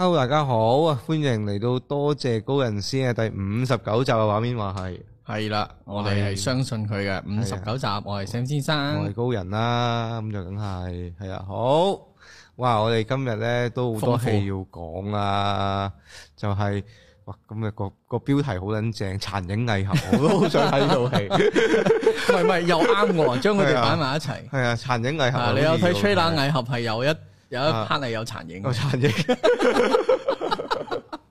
Hello，大家好啊！歡迎嚟到多謝高人 Cine 啊，第五十九集嘅畫面話係係啦，我哋係相信佢嘅五十九集，我係 Sam 先生，我係高人啦，咁就梗係係啊！好，哇！我哋今日咧都好多戲要講啦，就係哇！今日個個標題好撚正，殘影蟻俠我都好想睇呢套戲，唔係唔係又啱我，將佢哋擺埋一齊，係啊！殘影蟻俠啊，你有睇吹冷蟻俠係有一。有一 part 係有殘影，有殘影。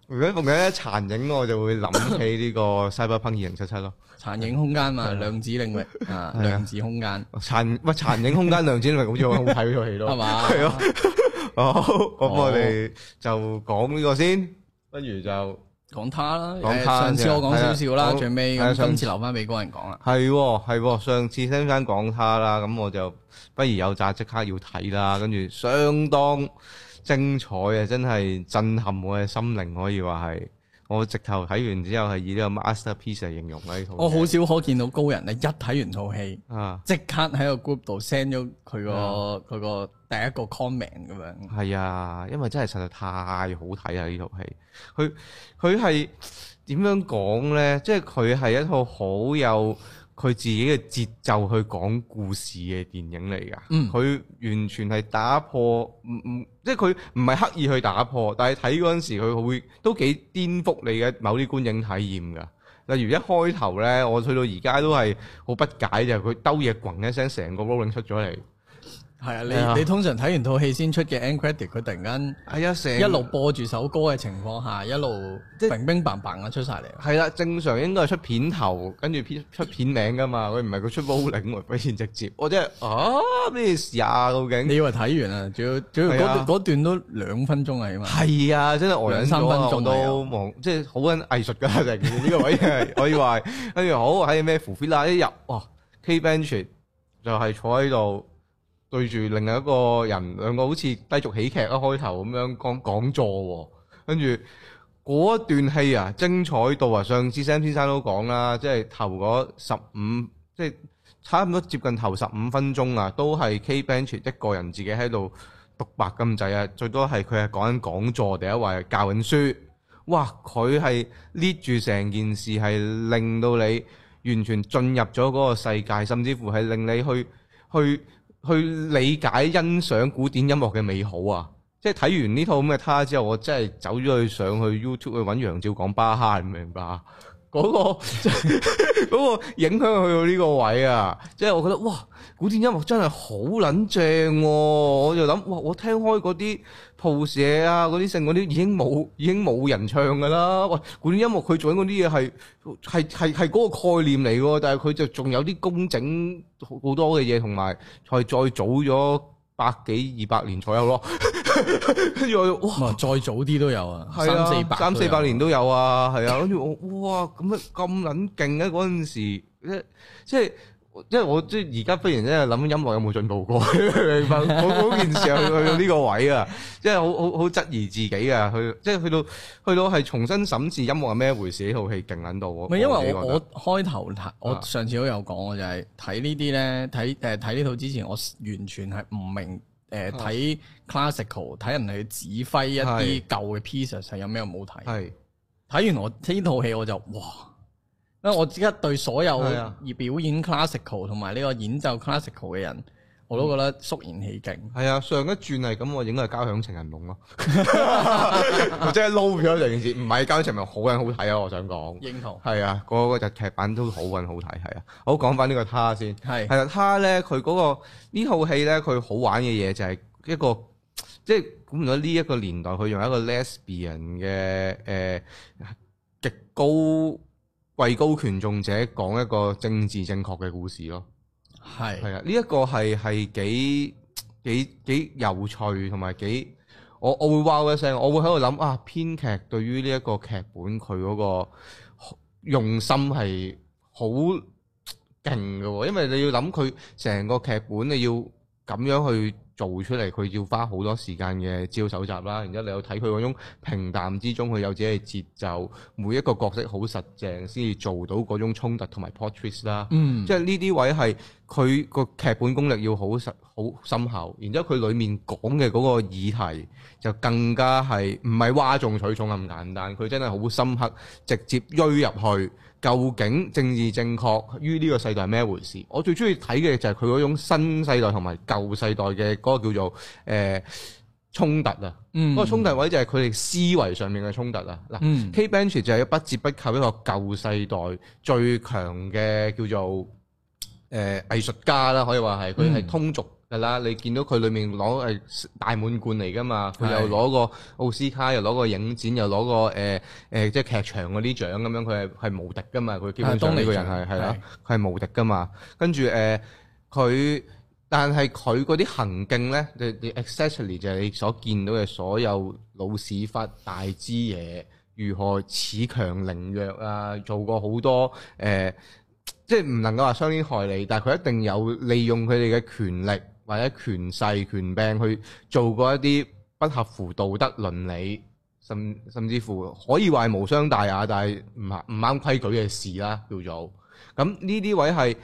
如果講一殘影，我就會諗起呢個《Cyberpunk 2077》咯。殘影空間嘛，量子領域 啊，量子空間。殘唔殘影空間，量子領域好似好睇呢套戲咯，係嘛 嗎？係啊。 喔、哦，咁我哋就講呢個先，不如就。講他啦，講他上次我講少少啦，最尾今次留翻俾嗰個人講啦。係係，上次聽翻講他啦，咁我就不如有詐即刻要睇啦，跟住相當精彩啊，真係震撼我嘅心靈，可以話係。我直頭睇完之後係以呢個 masterpiece 嚟形容呢套。我好少可見到高人咧，一睇完套戲，啊，即刻喺個 group 度 send 咗佢個佢個第一個 comment 咁樣。係啊，因為真係實在太好睇啊！戲呢套戲，佢佢係點樣講咧？即係佢係一套好有。佢自己嘅節奏去講故事嘅電影嚟噶，佢、嗯、完全係打破，唔唔，即係佢唔係刻意去打破，但係睇嗰陣時佢會都幾顛覆你嘅某啲觀影體驗㗎。例如一開頭呢，我去到而家都係好不解就係、係、佢兜嘢滾一聲，成個 rolling 出咗嚟。係啊，的你的你，你通常睇完套戲先出嘅 end credit，佢突然間係啊，成一路播住首歌嘅情況下，一路即係乒乒乓乓咁出晒嚟。係啦，正常應該係出片頭，跟住片出片名噶嘛。佢唔係佢出 bowling 直接，我真係啊咩事啊？究竟？你以為睇完啊？仲要嗰段都兩分鐘啊嘛。係啊，真係呆兩三分鐘都望，即係好緊藝術噶就係呢、這個位，我以為。跟住好喺咩 fullfill 一入哇，K bench 就係坐喺度。對住另外一個人，兩個好似低俗喜劇一開頭咁樣講講座喎，跟住嗰一段戲啊，精彩到啊！上次 Sam 先生都講啦，即係頭嗰十五，即係差唔多接近頭十五分鐘啊，都係 K bench 一個人自己喺度讀白咁滯啊，最多係佢係講緊講座，第一位教緊書，哇！佢係捏住成件事係令到你完全進入咗嗰個世界，甚至乎係令你去去。去理解、欣賞古典音樂嘅美好啊！即係睇完呢套咁嘅他之後，我真係走咗去上去 YouTube 去揾楊照講巴哈，明唔明白？嗰個嗰個影響去到呢個位啊，即係我覺得哇，古典音樂真係好撚正，我就諗哇，我聽開嗰啲譜寫啊，嗰啲性，嗰啲已經冇已經冇人唱㗎啦。哇，古典音樂佢做緊嗰啲嘢係係係係嗰個概念嚟喎，但係佢就仲有啲工整好多嘅嘢，同埋係再早咗。百幾二百年左右咯，跟 住我哇，再早啲都有啊，啊三四百、啊、三四百年都有啊，係啊，跟住我哇，咁樣咁撚勁啊，嗰陣時即即係。即係我即係而家忽然即係諗音樂有冇進步過？明白？我嗰件事去到呢個位啊，即係好好好質疑自己啊！去即係去到去到係重新審視音樂係咩回事？呢套戲勁捻到我唔係因為我我，我開頭睇，我上次都有講，我就係、是、睇呢啲咧，睇誒睇呢套之前我完全係唔明誒睇、呃、classical 睇人哋去指揮一啲舊嘅 pieces 係有咩好睇？係睇的完我呢套戲我就哇！因為我即刻對所有而表演 classical 同埋呢個演奏 classical 嘅人、嗯，我都覺得肅然起敬。係啊，上一轉係咁，我應該係交響情人夢咯， 我真係撈咗成件事。唔係交響情人夢係咪好撚好睇啊？我想講認同。係啊圖，嗰、那個就劇本都好撚好睇。係啊，好講翻呢個 TÁR 先。係係啊，TÁR 咧，佢嗰、那個戲，呢套戲咧，佢好玩嘅嘢就係一個，即係估唔到呢一個年代，佢用一個 lesbian 嘅誒極、呃、高。位高權重者講一個政治正確嘅故事咯，係係啊，呢一個係係幾幾幾有趣同埋幾，我我會 wow 一聲，我會喺度諗啊，編劇對於呢一個劇本佢嗰個用心係好勁嘅喎，因為你要諗佢成個劇本你要咁樣去。做出嚟佢要花好多時間嘅招手集啦，然之後你又睇佢嗰種平淡之中佢有自己嘅節奏，每一個角色好實淨先至做到嗰種衝突同埋 portraits 啦。嗯，即係呢啲位係。佢個劇本功力要好實好深厚，然之後佢裡面講嘅嗰個議題就更加係唔係嘩眾取寵咁簡單？佢真係好深刻，直接追入去究竟政治正確於呢個世代係咩回事？我最中意睇嘅就係佢嗰種新世代同埋舊世代嘅嗰個叫做誒衝、呃、突啊！嗰、嗯、個衝突位就係佢哋思維上面嘅衝突啊！嗱、嗯、K Bench 就係不折不扣一個舊世代最強嘅叫做。誒、呃、藝術家啦，可以話係佢係通俗嘅啦。嗯、你見到佢裏面攞係大滿貫嚟噶嘛？佢又攞個奧斯卡，是的 又攞個影展，又攞個誒誒即係劇場嗰啲獎咁樣。佢係係無敵噶嘛？佢基本上當你個人係係啦，佢係的的無敵噶嘛。跟住誒，佢、呃、但係佢嗰啲行徑咧，就就 excess 就係你所見到嘅所有老屎忽大枝嘢，如何恃強凌弱啊？做過好多誒。呃即係唔能夠話傷天害理，但係佢一定有利用佢哋嘅權力或者權勢、權柄去做過一啲不合乎道德倫理，甚甚至乎可以話係無傷大雅，但係唔係唔啱規矩嘅事啦，叫做咁呢啲位係誒、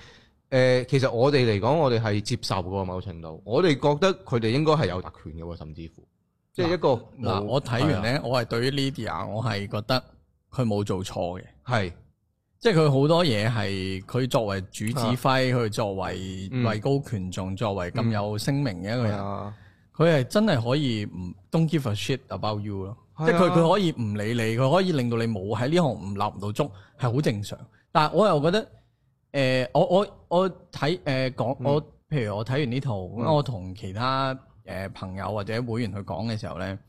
呃，其實我哋嚟講，我哋係接受個某程度，我哋覺得佢哋應該係有特權嘅喎，甚至乎、啊、即係一個嗱、啊，我睇完咧，啊、我係對於 Lydia 我係覺得佢冇做錯嘅，係。即係佢好多嘢係佢作為主指揮，佢、啊嗯、作為位高權重，嗯、作為咁有聲名嘅一個人，佢係、啊、真係可以唔 don't give a shit about you 咯、啊，即係佢佢可以唔理你，佢可以令到你冇喺呢行唔立唔到足，係好正常。但係我又覺得，誒、呃、我我我睇誒、呃、講我，譬如我睇完呢套，嗯、我同其他誒、呃、朋友或者會員去講嘅時候咧，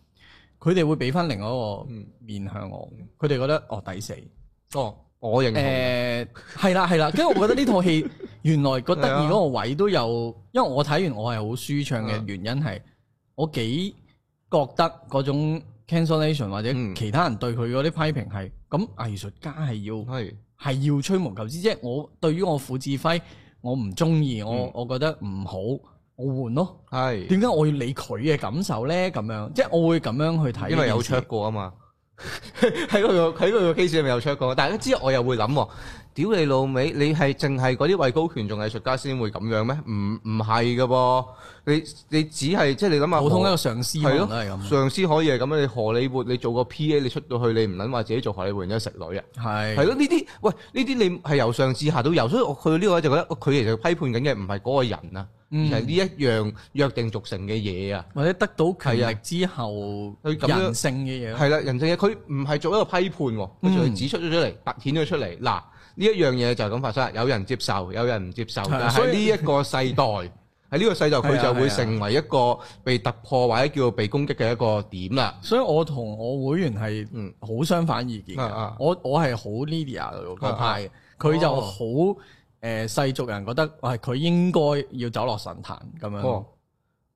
佢哋會俾翻另外一個面向我，佢哋、嗯、覺得哦抵死哦。我認同誒、呃，係啦係啦，因為我覺得呢套戲原來個得意嗰個位都有，因為我睇完我係好舒暢嘅原因係，我幾覺得嗰種 cancellation 或者其他人對佢嗰啲批評係，咁、嗯、藝術家係要係係係要吹毛求疵，即係我對於我傅志輝我唔中意，我我、嗯、我覺得唔好，我換咯，係點解我要理佢嘅感受呢？咁樣即係我會咁樣去睇，因為有 check 過啊嘛。喺佢、 那個喺佢個 case 入面有出過，但係一知我又會諗、哦。屌你老味，你係淨係嗰啲位高權重藝術家先會咁樣咩？唔唔係嘅噃，你你只係即係你諗下，普通一個上司係咯，對上司可以係咁樣！你荷里活你做個 P.A. 你出到去你唔撚話自己做荷里活人家食女啊！係係咯，呢啲喂呢啲你係由上至下都有。所以我去到呢個位就覺得佢其實批判緊嘅唔係嗰個人啊，嗯、而係呢一樣約定俗成嘅嘢啊，或者得到權力之後對人性嘅嘢。係啦，人性嘅佢唔係做一個批判，佢就指出咗出嚟，突顯咗出嚟嗱。呢一樣嘢就係咁發生，有人接受，有人唔接受。的所以呢一個世代喺呢個世代，佢就會成為一個被突破或者叫被攻擊嘅一個點啦。所以我同我會員係好相反意見，的我我係好 Lydia 嗰派佢，的就好誒、哦呃、世俗人覺得，係佢應該要走落神壇咁樣。哦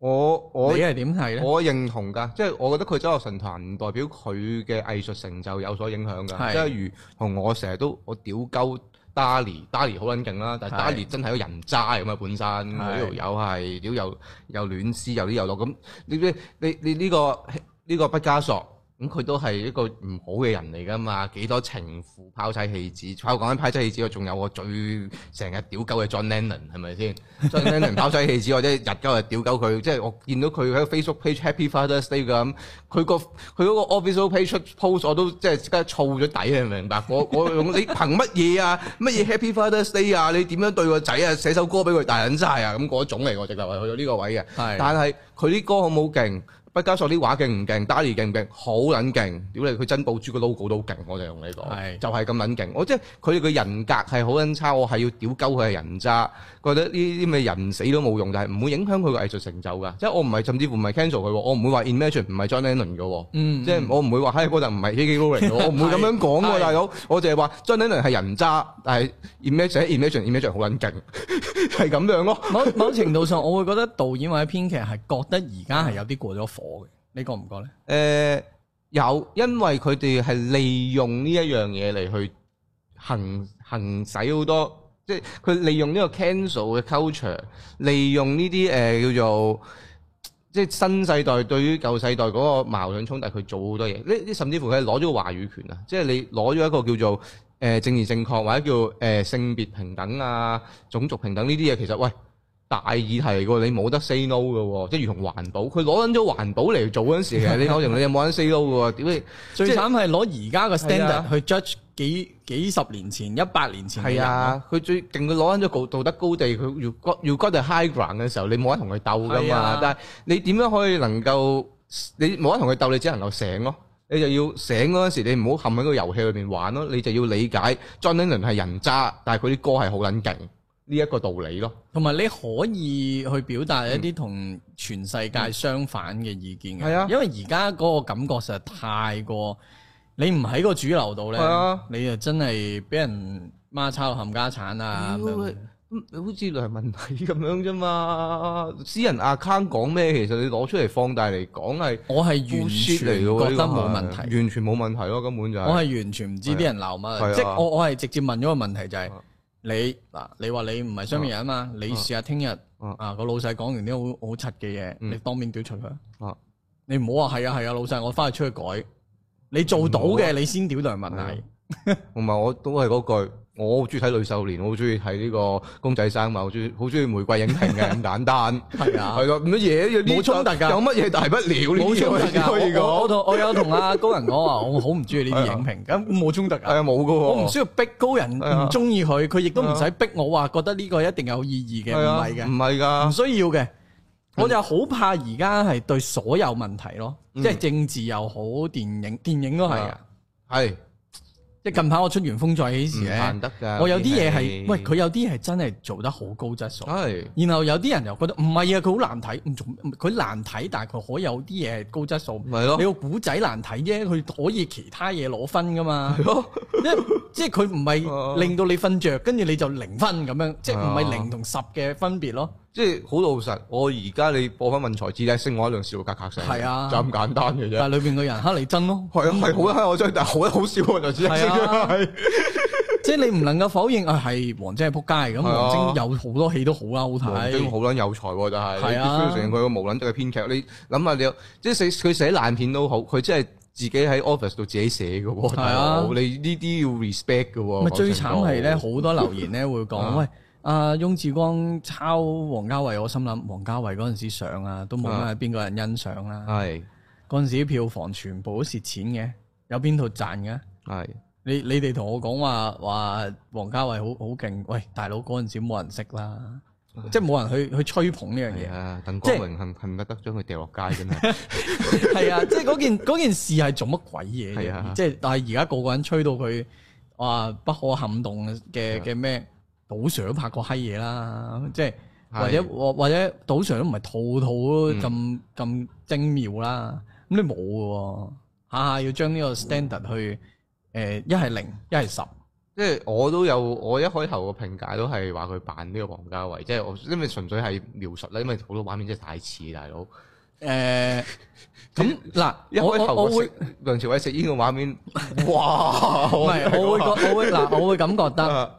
我我你係點睇咧？我認同㗎，即係我覺得佢走落神壇，唔代表佢嘅藝術成就有所影響㗎。是即係如同我成日都我屌鳩 Dali，Dali 好撚勁啦，是但係 Dali 真係個人渣咁啊！本身呢條友係屌又又亂撕，又啲又落。咁你你你你呢個、這個呢個、這個畢加索？咁佢、嗯、都係一個唔好嘅人嚟㗎嘛？幾多情婦，拋妻棄子，除咗講緊拋妻棄子，仲有個最成日屌鳩嘅 John Lennon 係咪先？John Lennon 拋妻棄子，或者日鳩又屌鳩佢，即係我見到佢喺 Facebook page Happy Father's Day 咁，佢個佢嗰個 official page post 我都即係即刻燥咗底，你明唔明白？我我你憑乜嘢啊？乜嘢 Happy Father's Day 啊？你點樣對個仔啊？寫首歌俾佢大人曬啊？咁嗰種嚟我直頭話去到呢個位嘅。 但係佢啲歌好冇勁。畢加索啲畫勁唔勁，打字勁唔勁，好撚勁！屌你，佢珍寶珠個 logo 都好勁，我哋用呢個，是就係咁撚勁。我即係佢哋個人格係好撚差，我係要屌鳩佢係人渣。覺得呢啲咩人死都冇用，但係唔會影響佢個藝術成就㗎。即係我唔係甚至乎唔係 cancel 佢，我唔會話 imagine 唔係 John Lennon 㗎。嗯，即係我唔會話喺嗰度唔係 Yi Yi r o l l i n，我唔會咁樣講㗎，大佬。我淨係話 John Lennon 係人渣，但係 im imagine，imagine，imagine 好撚勁，係 咁樣咯某。某某程度上， 我會覺得導演或者編劇係覺得而家係有啲過咗。我你覺唔覺呢？誒、呃、有，因為佢哋係利用呢一樣嘢嚟去行行使好多，即係佢利用呢個 cancel 嘅 culture，利用呢啲誒叫做即係新世代對於舊世代嗰個矛盾衝突，佢做好多嘢。呢甚至乎佢係攞咗個話語權啊，即係你攞咗一個叫做誒政治正確或者叫誒性別平等啊、種族平等呢啲嘢，其實喂，大議題嚟㗎，你冇得 say no 㗎喎，即係如同環保，佢攞緊咗環保嚟做嗰陣時， 你可能你冇得 say no 㗎喎。點最慘係攞而家個 standard 去 judge 幾幾十年前、一百年前嘅人？係啊，佢最勁佢攞緊咗道德高地，佢要 cut 要 cut high ground 嘅時候，你冇得同佢鬥㗎嘛。啊、但係你點樣可以能夠你冇得同佢鬥，你只能夠醒咯。你就要醒嗰陣時，你唔好陷喺個遊戲裏邊玩咯。你就要理解 John Lennon 係 an 人渣，但係佢啲歌係好撚勁。呢一個道理咯，同埋你可以去表達一啲同、嗯、全世界相反嘅意見嘅。係啊，因為而家嗰個感覺實在太過，你唔喺個主流度咧，嗯、你啊真係俾人孖抄冚家鏟啊！你好似嚟問題咁樣啫嘛，啊，私人 account 講咩？其實你攞出嚟放大嚟講係，我係完全覺得冇問題，完全冇問題咯，根本就係我係完全唔知啲人鬧乜，啊、即我我係直接問咗個問題就係、係。你嗱，你話你唔係雙面人啊嘛？啊你試下聽日啊個、啊、老細講完啲好好柒嘅嘢，嗯、你當面屌出去。你唔好話係啊係啊，老細我翻去出去改。你做到嘅，啊、你先屌梁文毅。同埋我都係嗰句，我好中意睇女秀蓮，好中意睇呢個公仔生啊，好中好中意玫瑰影評嘅咁簡單，係啊，係咯，乜嘢呢啲冇衝突噶，有乜嘢大不了呢啲嘅？我我同我有同阿高人講話，我好唔中意呢啲影評，咁冇衝突噶，係啊，冇噶，我唔需要逼高人唔中意佢，佢亦都唔使逼我話覺得呢個一定有意義嘅，唔係嘅，唔係噶，唔需要嘅，我就好怕而家係對所有問題咯，即係政治又好，電影電影都係啊，係。近排我出完風再起時咧，得我有啲嘢係，來喂佢有啲係真係做得好高質素，的然後有啲人又覺得唔係啊，佢好難睇，唔仲佢難睇，但係佢可以有啲嘢係高質素，係咯的，你個古仔難睇啫，佢可以其他嘢攞分噶嘛，即係即係佢唔係令到你瞓着，跟住你就零分咁樣，即係唔係零同十嘅分別咯。即係好老實，我而家你播翻《運財智》咧，識我一兩笑格格聲，係啊，就咁簡單嘅啫。但係裏邊個人哈、哦，你真咯，係啊，係好得，我真，但係好得好少運財智啊，係。即係你唔能夠否認啊，係、哎、王晶係仆街咁。王晶有好多戲都好啦，好睇。好卵有，有才，但係，係啊，要承認佢個無卵得嘅編劇，你諗下你，即係寫佢寫爛片都好，佢即係自己喺 office 度自己寫嘅。係啊，你呢啲要 respect 嘅。咪最慘係咧，好 多留言咧會講喂。 啊，翁志光抄王家衛，我心諗王家衛嗰陣時上啊，都冇乜邊個人欣賞啦、啊。係嗰陣時票房全部都蝕錢嘅，有邊套賺嘅？係是你你哋同我講話話王家衛好好勁，喂大佬嗰陣時冇人識啦，哎、即係冇人去去吹捧呢樣嘢。係啊，鄧國榮恨恨不得將佢掉落街嘅咩？係 啊，即係嗰件件事係做乜鬼嘢？即係、啊、但係而家個個人吹到佢話不可撼動嘅嘅咩？杜 Sir 都拍過閪嘢啦，即係或者或或者杜 Sir 都唔係套套咁咁精妙啦。咁你冇喎，下下要將呢個 standard 去誒，一係零，一係十。即係我都有，我一開頭個評價都係話佢扮呢個王家衞，即係我因為純粹係描述啦，因為好多畫面真係太似大佬。誒，咁嗱，一開頭我會梁朝偉食煙個畫面，哇！唔係，我會我會嗱，我會感覺得。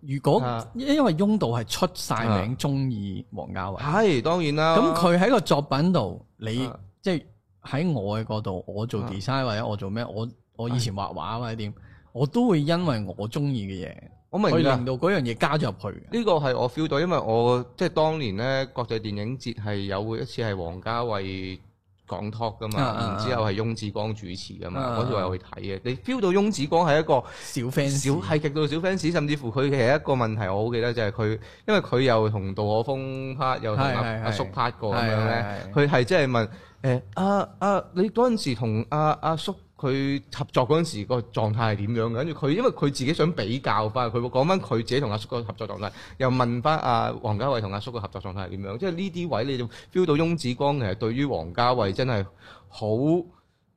如果因為翁導係出晒名中意王家衛，係、啊、當然啦。咁佢喺個作品度，你、啊、即係喺我嘅角度，我做 design、啊、或者我做咩，我我以前畫畫或者點，哎、我都會因為我中意嘅嘢，我明去令到嗰樣嘢加咗入去。呢個係我 feel 到，因為我即係當年咧國際電影節係有一次係王家衛。講 talk 噶嘛，uh, uh，然之後係翁子光主持噶嘛，嗰段我有去睇嘅，你 feel 到翁子光係一個小 fans，小係極度小 fans，甚至乎佢其實一個問題，我好記得就係佢，因為佢又同杜可風拍，又同阿阿叔拍過咁樣咧，佢係即係問誒阿阿你嗰陣時同阿阿叔。佢合作嗰陣時個狀態係點樣嘅？跟住佢，因為佢自己想比較翻，佢會講翻佢自己同阿叔嘅合作狀態，又問翻阿王家衛同阿叔嘅合作狀態係點樣？即係呢啲位你就 feel 到翁子光其實對於王家衛真係好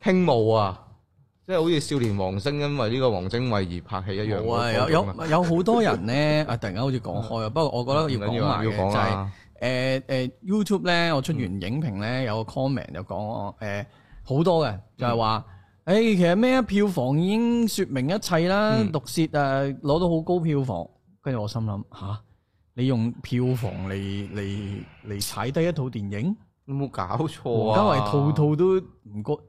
傾慕啊，即係好似少年王星因為呢個王星慧而拍戲一樣。有、啊、有有有好多人咧啊！ 突然間好似講開啊，不過我覺得我要講埋，要講啊、就係。誒誒、呃呃、，YouTube 咧，我出完影評咧，有個 comment 就講我好多嘅，就係、是、話。嗯。誒、欸，其實咩啊？票房已經說明一切啦。嗯《毒舌、啊》誒，攞到好高票房，跟住我心諗吓，你用票房嚟嚟嚟踩低一套電影，你冇搞錯啊？哇唔過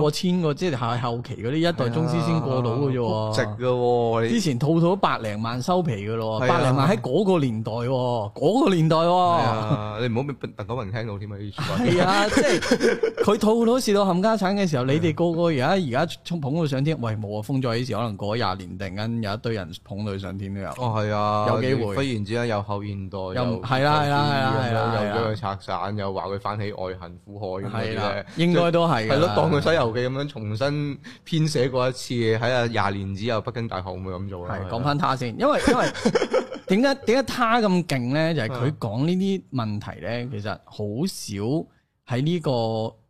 過千個，即係下後期嗰啲一代宗師先過到嘅啫，值嘅。之前套套百零萬收皮嘅咯，百零萬喺嗰個年代，嗰個年代。係你唔好俾鄧國文聽到添啊。係啊，即係佢套到蝕到冚家產嘅時候，你哋個個而家而家捧佢上天，喂冇啊，封咗呢時，可能過咗廿年，突然間有一堆人捧佢上天都有。哦，係啊，有機會。忽然之間又後現代，又係啦，係啦，係啦，又將佢拆散，又話佢翻起外行苦海咁嘅嘢，應該都係。係咯，的當佢《西遊記》咁樣重新編寫過一次，喺啊廿年之後，北京大學會唔會咁做咧？係講翻他先，因為 因為點解點解他咁勁咧？就係佢講呢啲問題咧，其實好少喺呢個。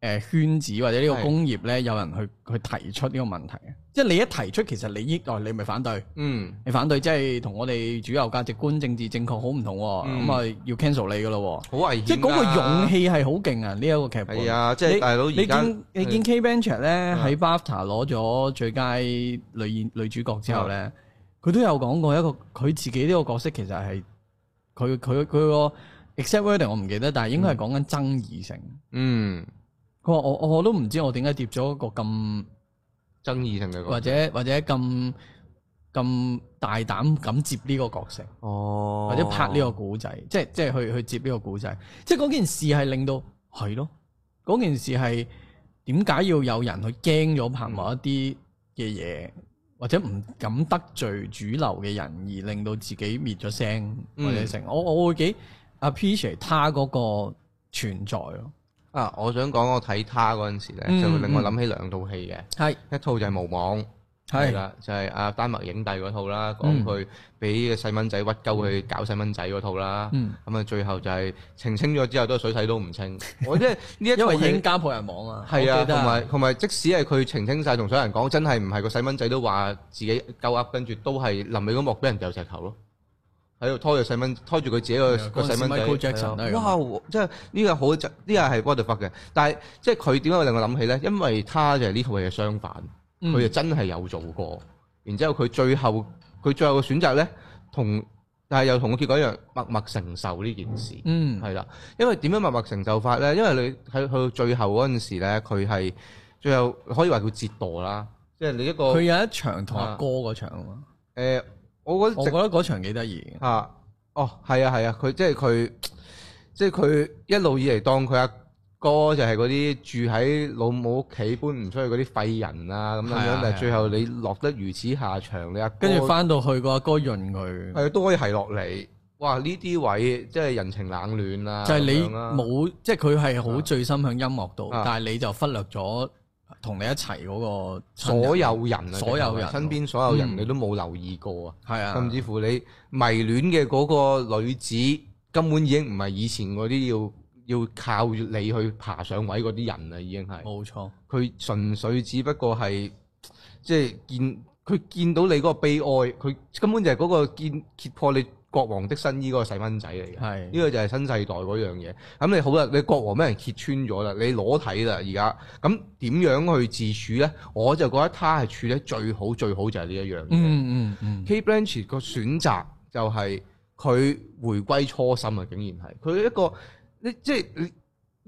誒，圈子或者呢個工業咧，有人去去提出呢個問題是的 即係你一提出，其實你益我，你咪反對，嗯，你反對即係同我哋主流價值觀、政治正確好唔同，咁啊、嗯、要 cancel 你噶咯，好危險。即係嗰個勇氣係好勁啊！呢、這、一個劇本。啊，即、就、係、是、大佬而家，你見 Cate Blanchett 咧喺 BAFTA 攞咗最佳女演女主角之後咧，佢是的 都有講過一個佢自己呢個角色其實係佢佢佢個 accept rating 我唔記得，但係應該係講緊爭議性，嗯。嗯。.我我我都唔知我點解跌咗一個咁爭議性嘅，或者或者咁咁大膽敢接呢個角色，哦、或者拍呢個古仔，即係即係去去接呢個古仔，即係嗰件事係令到係咯，嗰件事係點解要有人去驚咗拍某一啲嘅嘢，嗯、或者唔敢得罪主流嘅人，而令到自己滅咗聲、嗯、或者成，我我會幾 appreciate 他嗰個存在咯。啊！我想講我睇他嗰陣時咧，嗯、就令我諗起兩套戲嘅，嗯、一套就係、是《無網》係啦，的就係阿丹麥影帝嗰套啦，講佢俾個細蚊仔屈鳩去搞細蚊仔嗰套啦。咁啊、嗯，最後就係澄清咗之後都係水洗都唔清。嗯、我即係呢一套係家破人亡啊。係啊記，同埋同埋，即使係佢澄清晒，同所有人講，真係唔係個細蚊仔都話自己鳩噏，跟住都係臨尾嗰幕俾人掉石頭咯。喺度拖住細蚊，拖住佢自己個個細蚊仔。的哇！即係呢個好呢個係 Godfather 嘅，但係即係佢點解令我諗起咧？因為他就係呢套戲嘅相反，佢就真係有做過。然之後佢最後佢最後嘅選擇咧，同但係又同個結果一樣，默默承受呢件事。嗯，係啦。因為點樣默默承受法咧？因為你喺去到最後嗰陣時咧，佢係最後可以話佢折墮啦。即係你一個。佢有一場同阿哥嗰場啊。誒。欸我覺得我覺得嗰場幾得意嚇，哦，係啊係啊，佢、啊、即係佢即係佢一路以嚟當佢阿哥就係嗰啲住喺老母屋企搬唔出去嗰啲廢人啊咁、啊、樣樣，啊、但係最後你落得如此下場，啊、你阿哥跟住翻到去個阿哥，哥潤佢、啊，都可以係落嚟。哇！呢啲位即係人情冷暖啊，就係你冇、啊、即係佢係好醉心響音樂度，啊、但係你就忽略咗。同你一齊嗰個所有人，所有人身邊所有人，你都冇留意過啊！係啊、嗯，甚至乎你迷戀嘅嗰個女子，嗯、根本已經唔係以前嗰啲要要靠你去爬上位嗰啲人啦，已經係冇錯。佢純粹只不過係即係見佢見到你嗰個悲哀，佢根本就係嗰個見揭破你。國王的新衣嗰個細蚊仔嚟嘅，呢個就係新世代嗰樣嘢。咁你好啦，你國王俾人揭穿咗啦，你裸體啦而家，咁點樣去自處咧？我就覺得他係處得最好，最好就係呢一樣嘢。嗯嗯嗯，Cate Blanchett 個選擇就係佢回歸初心啊！竟然係佢一個，你即係你。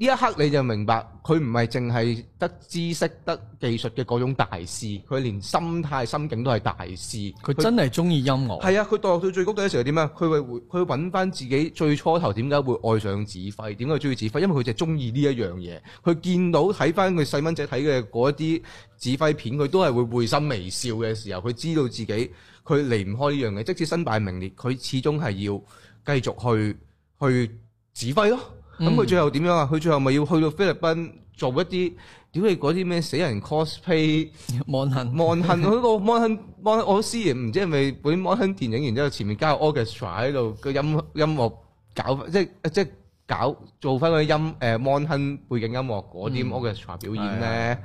呢一刻你就明白，佢唔係淨係得知識、得技術嘅嗰種大師，佢連心態、心境都係大師。佢真係中意音樂。係啊，佢到去最高嘅時候點啊？佢會佢揾翻自己最初頭點解會愛上指揮，點解中意指揮？因為佢就中意呢一樣嘢。佢見到睇翻佢細蚊仔睇嘅嗰啲指揮片，佢都係會會心微笑嘅時候，佢知道自己佢離唔開呢樣嘢。即使身敗名裂，佢始終係要繼續去去指揮咯。咁佢、嗯、最後點樣啊？佢最後咪要去到菲律賓做一啲屌你嗰啲咩死人 cosplay，望恨恆望恨喺度望恨望恨，我師爺唔知係咪本望恨電影，然之後前面加個 orchestra 喺度個音音樂搞，即係即係。搞做翻個音誒 m o n k n 背景音樂嗰啲 orchestra 表演咧，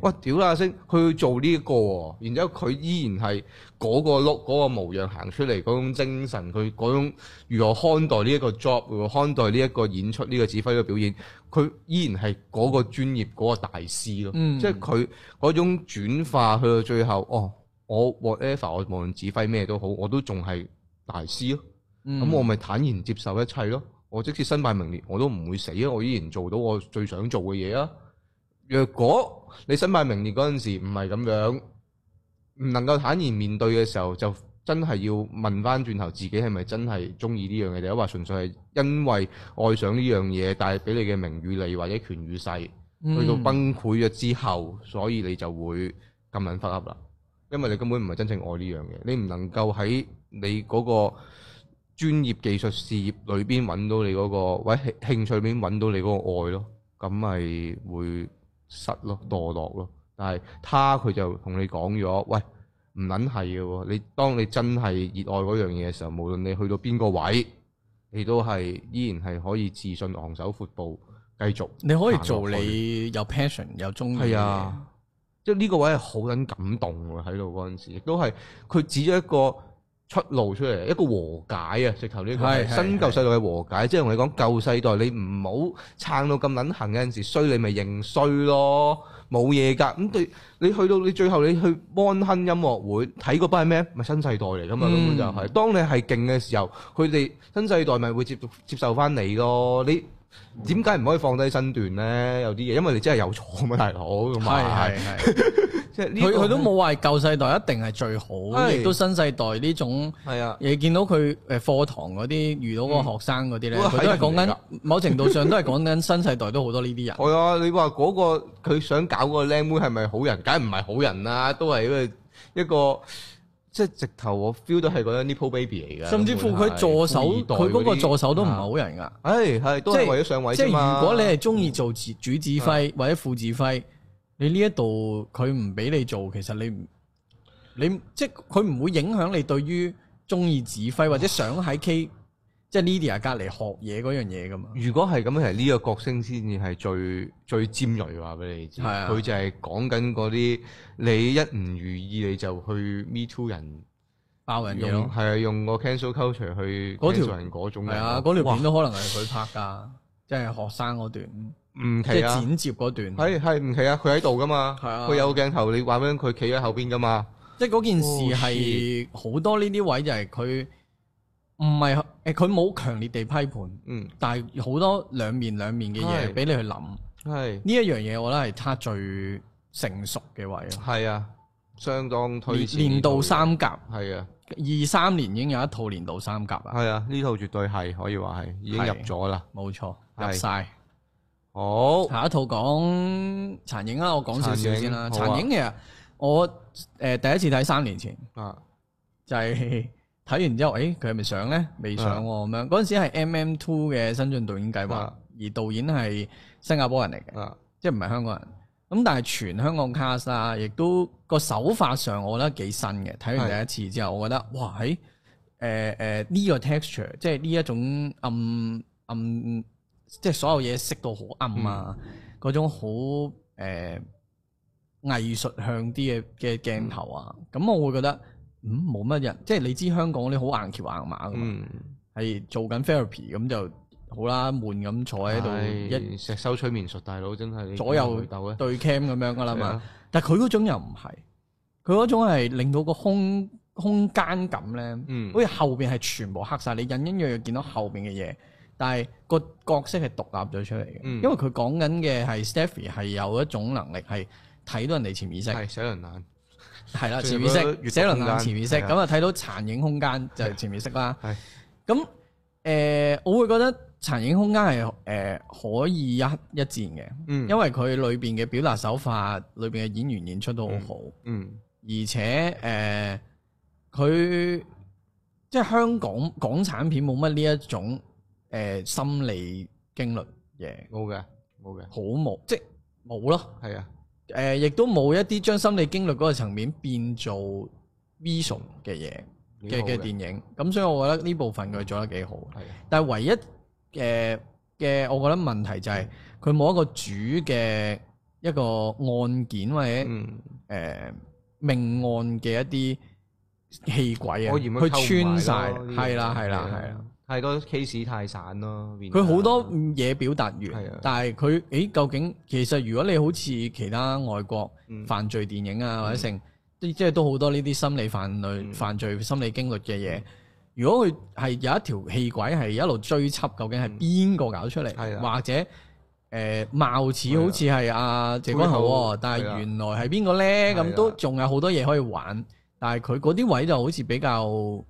哇屌啦阿星，佢做呢、這、一個，然之後佢依然係嗰個 look 嗰個模樣行出嚟嗰種精神，佢嗰種如何看待呢一個 job，如何看待呢一個演出呢、這個指揮嘅表演，佢依然係嗰個專業嗰、那個大師咯，嗯、即係佢嗰種轉化去到最後，哦，我 whatever 我無論指揮咩都好，我都仲係大師咯，咁我咪坦然接受一切咯。嗯我即使身敗名裂，我都唔會死啊！我依然做到我最想做嘅嘢啊！若果你身敗名裂嗰陣時唔係咁樣，唔能夠坦然面對嘅時候，就真係要問翻轉頭，自己係咪真係中意呢樣嘢？定係話純粹係因為愛上呢樣嘢帶俾你嘅名與利或者權與勢，去到崩潰咗之後，所以你就會咁撚發噏啦。因為你根本唔係真正愛呢樣嘢，你唔能夠喺你嗰個。專業技術事業裏邊揾到你嗰個，或者興趣邊揾到你嗰個愛咯，咁咪會失落墮落咯。但係他佢就同你講咗，喂，唔撚係嘅喎。你當你真係熱愛嗰樣嘢嘅時候，無論你去到邊個位，你都係依然係可以自信昂首闊步繼續。你可以做你有 passion 有中意嘅。係啊，即係呢個位係好撚感動喎，喺度嗰陣時，亦都係佢指咗一個。出路出嚟，一個和解啊！直頭呢個是新舊世代嘅和解，是即係同你講舊世代，你唔好撐到咁撚行，有陣時衰，你咪認衰咯，冇嘢㗎。咁、嗯、對你去到你最後你去安亨音樂會睇嗰班係咩？咪新世代嚟㗎嘛，根本就係。當你係勁嘅時候，佢哋新世代咪會接接受翻你咯。你點解唔可以放低身段咧？有啲嘢，因為你真係有錯啊嘛，大佬。係係係。佢佢、呢個、都冇話舊世代一定係最好，的亦都新世代呢種，的你見到佢誒課堂嗰啲遇到個學生嗰啲咧，嗯、都係講緊某程度上都係講緊新世代都好多呢啲人。係啊，你話嗰、嗰個佢想搞嗰個靚妹係咪好人？梗係唔係好人啦，都係因為一個即係直頭，我 feel 到係嗰啲 n e baby 嚟嘅。甚至乎佢助手，佢嗰的個助手都唔係好人噶。誒係，都係為咗上位，即係如果你係中意做主指揮或者副指揮。你呢一度佢唔俾你做，其實你你即係佢唔會影響你對於中意指揮或者想喺 K 即係 Lydia 隔籬學嘢嗰樣嘢噶嘛？如果係咁，其實呢個角色先至係最最尖銳話俾你知，佢、啊、就係講緊嗰啲你一唔如意你就去 me too 人爆人咁樣，係用、啊、用個 cancel culture 去 cancel 人嗰種。係啊，嗰條片都哇可能係佢拍噶，即係學生嗰段。唔企啊！即係剪接嗰段，係係唔企啊！佢喺度噶嘛，係啊，佢有鏡頭，你話俾佢企喺後邊噶嘛。即係嗰件事係好多呢啲位就係佢唔係誒，佢冇強烈地批判，嗯，但係好多兩面兩面嘅嘢俾你去諗。係呢一樣嘢，我覺得係差最成熟嘅位啊。係啊，相當推薦，年度三甲。係啊，二三年已經有一套年度三甲啦。係啊，呢套絕對係可以話係已經入咗啦。冇錯，入晒。好，下一套講殘影啦，我講少少先啦。殘、啊、影其實我誒、呃、第一次睇三年前，啊、就係睇完之後，誒佢係咪上咧？未上咁、啊啊、樣嗰陣時係 M M Two 嘅新進導演計劃，啊、而導演係新加坡人嚟嘅，啊、即係唔係香港人。咁但係全香港 cast 啊，亦都個手法上我覺得幾新嘅。睇完第一次之後，是我覺得哇，誒誒呢個 texture，即係呢一種暗暗。暗暗即係所有嘢色到好暗啊，嗰種好誒藝術向啲嘅嘅鏡頭啊，咁我會覺得嗯冇乜人，即係你知香港啲好硬橋硬馬噶嘛，係做緊 therapy 咁就好啦，悶咁坐喺度一石收取面術大佬真係左右鬥咧對 cam 咁樣噶啦嘛，但係佢嗰種又唔係，佢嗰種係令到個空空間感咧，好似後邊係全部黑晒，你隱隱約約見到後邊嘅嘢。但係個角色係獨立咗出嚟嘅，嗯、因為佢講緊嘅係 Stephy 係有一種能力係睇到人哋潛意識，寫輪眼係啦， 的潛意識，寫輪眼潛意識，咁啊睇到殘影空間就係潛意識啦。咁誒、呃，我會覺得殘影空間係誒、呃、可以一一戰嘅，嗯、因為佢裏邊嘅表達手法、裏邊嘅演員演出都好好、嗯，嗯，而且誒佢、呃、即係香港港產片冇乜呢一種。誒心理經歷嘢，冇嘅，冇嘅，好冇，即冇咯，係啊，誒亦都冇一啲將心理經歷嗰個層面變做 visual 嘅嘢嘅嘅電影，咁所以我覺得呢部分佢做得幾好，係。但係唯一嘅嘅，我覺得問題就係佢冇一個主嘅一個案件或者誒命案嘅一啲戲軌啊，佢穿曬，係啦，係啦，係啦。太多 case 太散咯，佢好多嘢表達完，是的 但係佢誒究竟其實如果你好似其他外國犯罪電影啊或者成啲、嗯、即係都好多呢啲心理犯罪、嗯、犯罪心理驚慄嘅嘢，如果佢係有一條戲軌係一路追緝，究竟係邊個搞出嚟，嗯、是的 或者誒、呃、貌似好似係阿謝君豪，但係原來係邊個呢？咁都仲有好多嘢可以玩，但係佢嗰啲位就好似比較。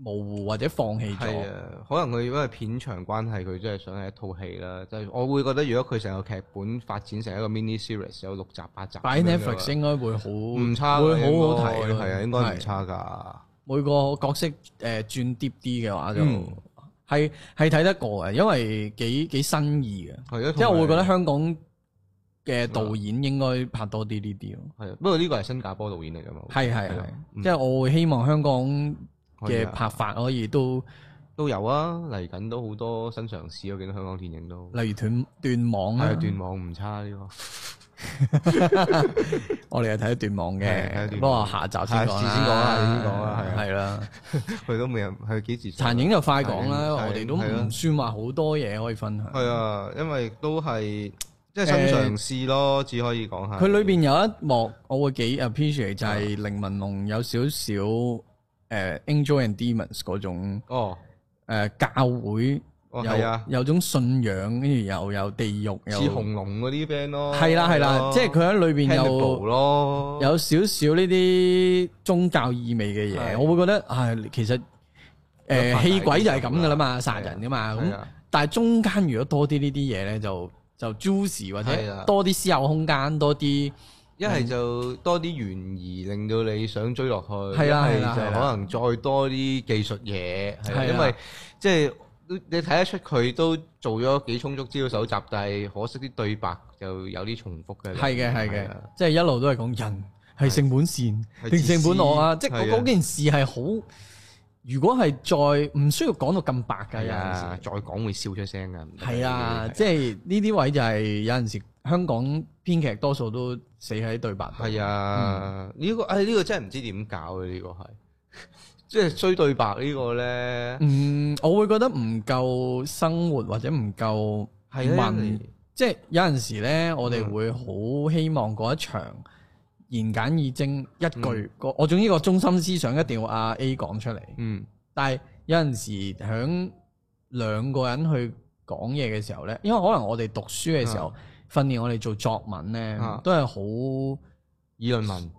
模糊或者放棄咗，係啊，可能佢因為片場關係，佢真係想係一套戲啦。即係我會覺得，如果佢成個劇本發展成一個 mini series 有六集八集，By Netflix 應該會好唔差，會好好睇。係啊，應該唔差㗎。每個角色誒轉啲啲嘅話，就係係睇得過嘅，因為幾幾新意嘅。係啊，即係我會覺得香港嘅導演應該拍多啲呢啲咯。係，不過呢個係新加坡導演嚟㗎嘛。係係係，即係我會希望香港。嘅拍法可以都都有啊，嚟緊都好多新嘗試，我見到香港電影都，例如斷斷網啊，斷網唔差呢個。我哋係睇斷網嘅，不過下集先講啦。係啦，佢都冇人，佢幾自信。殘影就快講啦，我哋都唔算話好多嘢可以分享。係啊，因為都係即係新嘗試咯，只可以講下。佢裏邊有一幕我會幾 appreciate，就係凌文龍有少少。誒 Angels、uh, and Demons 嗰種，哦，誒，教會、oh, 有有種信仰，跟住又有地獄，似紅龍嗰啲 band 咯、啊，係啦係啦，即係佢喺裏邊又，咯，Hannibal 有少少呢啲宗教意味嘅嘢，啊、我會覺得，唉、啊，其實誒，呃、氣鬼就係咁噶啦嘛，了殺人噶嘛，咁，但係中間如果多啲呢啲嘢咧，就就 juice 或者多啲私有空間，多啲。一係就多啲懸疑，令到你想追落去；一係就可能再多啲技術嘢，因為即係你睇得出佢都做咗幾充足資料搜集，但係可惜啲對白就有啲重複嘅。係嘅，係嘅，即係一路都係講人，係性本善，定性本惡啊！即係嗰件事係好，如果係再唔需要講到咁白㗎，係啊，再講會笑出聲㗎。係啊，即係呢啲位就係有陣時香港。編劇多數都死喺對白，係啊！呢、嗯呢個誒呢、哎呢個真係唔知點搞嘅呢、呢個係，即係衰對白個呢個咧。嗯，我會覺得唔夠生活或者唔夠係文，啊、即係有陣時咧，我哋會好希望嗰一場言簡意精一句個，嗯、我總之個中心思想一定要阿 A 講出嚟。嗯，但係有陣時響兩個人去講嘢嘅時候咧，因為可能我哋讀書嘅時候。嗯訓練我哋做作文咧，啊、都係好議論文，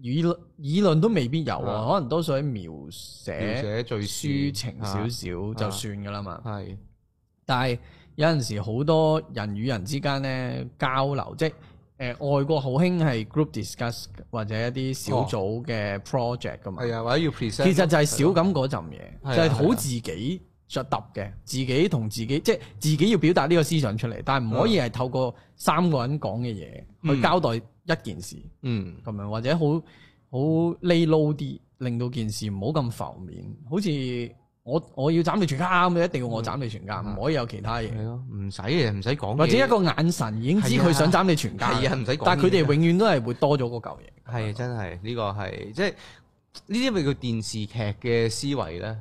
議論議論都未必有啊，啊可能多數係描寫，描寫最抒情少少就算噶啦嘛。係、啊，啊、但係有陣時好多人與人之間咧，交流，即係誒、呃、外國好興係 group discuss 或者一啲小組嘅 project 噶嘛。係、哦、啊，或者要 present，其實就係少咁嗰陣嘢，啊啊、就係好自己。着揼嘅，自己同自己，即係自己要表達呢個思想出嚟，但係唔可以係透過三個人講嘅嘢去交代一件事，咁樣或者好好 low 啲，令到件事唔好咁浮面。好似我我要斬你全家咁，一定要我斬你全家，唔可以有其他嘢。係咯，唔使嘅，唔使講。或者一個眼神已經知佢想斬你全家。係啊，唔使講。但係佢哋永遠都係會多咗嗰嚿嘢。係真係呢個係即係呢啲咪叫電視劇嘅思維咧？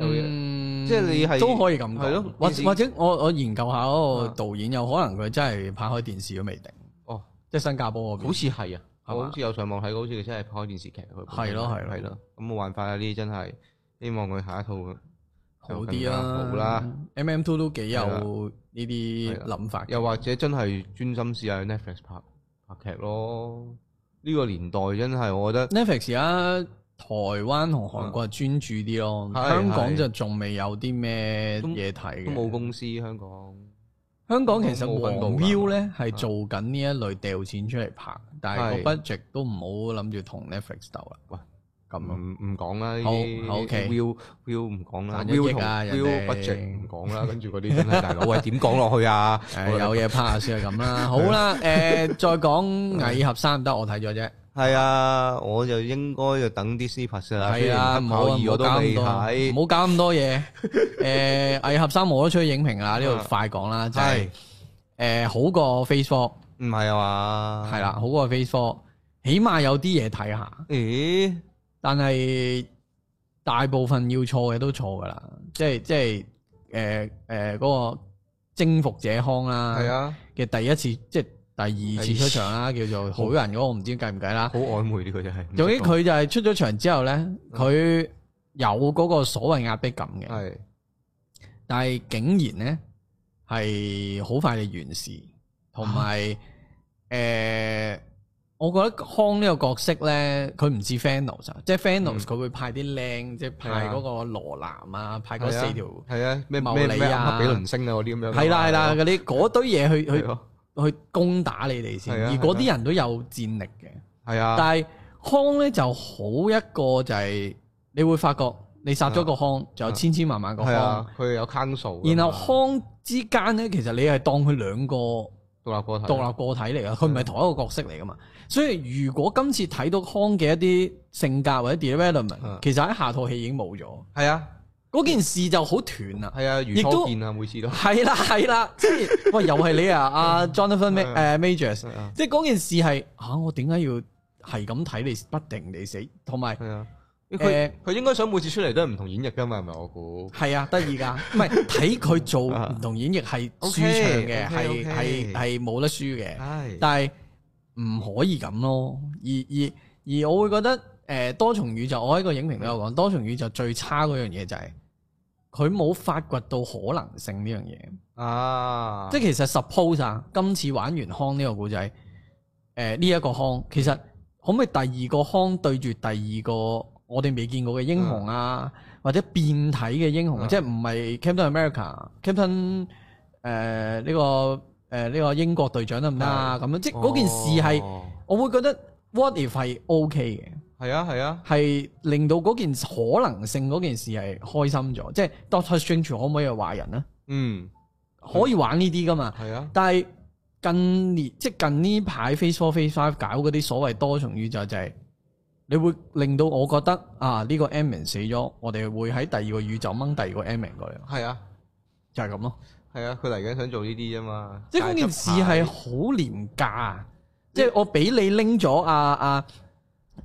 嗯，即係你係都可以咁講，或或者我我研究下嗰個導演，有可能佢真係拍開電視都未定。哦，即係新加坡啊，好似係啊，好似有上網睇過，好似佢真係拍開電視劇。係咯係咯，咁冇辦法呀，呢啲真係，希望佢下一套好啲啦。好啦，M M Two 都幾有呢啲諗法。又或者真係專心試下 Netflix 拍拍劇咯？呢個年代真係，我覺得 Netflix 而家。台灣同韓國專注啲咯，香港就仲未有啲咩嘢睇嘅。都冇公司香港。香港其實 View 咧係做緊呢一類掉錢出嚟拍，但係個 budget 都唔好諗住同 Netflix 鬥啦。喂，咁唔講啦。好 OK，View 唔講啦。View budget 唔講啦，跟住嗰啲真係大佬，喂點講落去啊？有嘢拍先係咁啦。好啦，誒再講蟻俠三得我睇咗啫。係啊，我就應該就等啲 c 拍先啦。係啊，唔可以，我都搞咁多，唔好搞咁多嘢。誒，蟻俠三我都出去影評啊，呢度快講啦，即係誒，好過 Facebook。唔係啊嘛，係啦，好過 Facebook，起碼有啲嘢睇下。誒，但係大部分要錯嘅都錯噶啦，即係即係誒誒，嗰個征服者康啦，係啊嘅第一次即。第二次出場啦，叫做好人，我唔知計唔計啦。好曖昧啲佢真係，總之，佢就係出咗場之後咧，佢有嗰個所謂壓迫感嘅。係，但係竟然咧係好快就完事，同埋誒，我覺得康呢個角色咧，佢唔似 Thanos 就，即係 Thanos 佢會派啲靚，即係派嗰個羅南啊，派嗰四條，係啊，咩理咩比鄰星啊嗰啲咁樣。係啦，係啦，嗰啲嗰堆嘢去去去攻打你哋先，而嗰啲人都有戰力嘅。係啊，但係康咧就好一個就係，你會發覺你殺咗個康，係啊、就有千千萬萬個康。係啊，佢有 count 數然後康之間咧，其實你係當佢兩個獨立個體，獨立個體嚟噶，佢唔係同一個角色嚟噶嘛。係啊、所以如果今次睇到康嘅一啲性格或者 development，、係啊、其實喺下套戲已經冇咗。係啊。嗰件事就好團啦，係啊，亦都變啊，每次都係啦，係啦，即係喂，又係你啊，阿 Jonathan，誒 Majors，即係嗰件事係吓，我點解要係咁睇你，不停你死，同埋誒佢應該想每次出嚟都係唔同演繹㗎嘛，係咪我估係啊，得意㗎，唔係睇佢做唔同演繹係舒暢嘅，係係係冇得輸嘅，但係唔可以咁咯，而而而我會覺得誒多重宇宙，我喺個影評都有講多重宇宙最差嗰樣嘢就係。佢冇發掘到可能性呢樣嘢啊！即係其實 suppose 啊，今次玩完康呢個故仔，誒呢一個康，其實可唔可以第二個康對住第二個我哋未見過嘅英雄啊，嗯、或者變體嘅英雄，嗯、即係唔係 Captain America、呃、Captain 誒呢個誒呢、呃呢個英國隊長得唔得啊？咁樣、嗯、即係嗰件事係，哦、我會覺得 What if 係 OK 嘅。係啊，係啊，係、啊、令到嗰件可能性嗰件事係開心咗，即係 Doctor Strange、er、可唔可以係壞人啊？嗯，可以玩呢啲噶嘛？係啊，但係近年即係近呢排 Phase Four、Phase Five 搞嗰啲所謂多重宇宙就係、是、你會令到我覺得啊呢、這個 X-Men 死咗，我哋會喺第二個宇宙掹第二個 X-Men 過嚟。係啊，就係咁咯。係啊，佢嚟緊想做呢啲啫嘛。即係呢件事係好廉價，即係我俾你拎咗阿阿。啊啊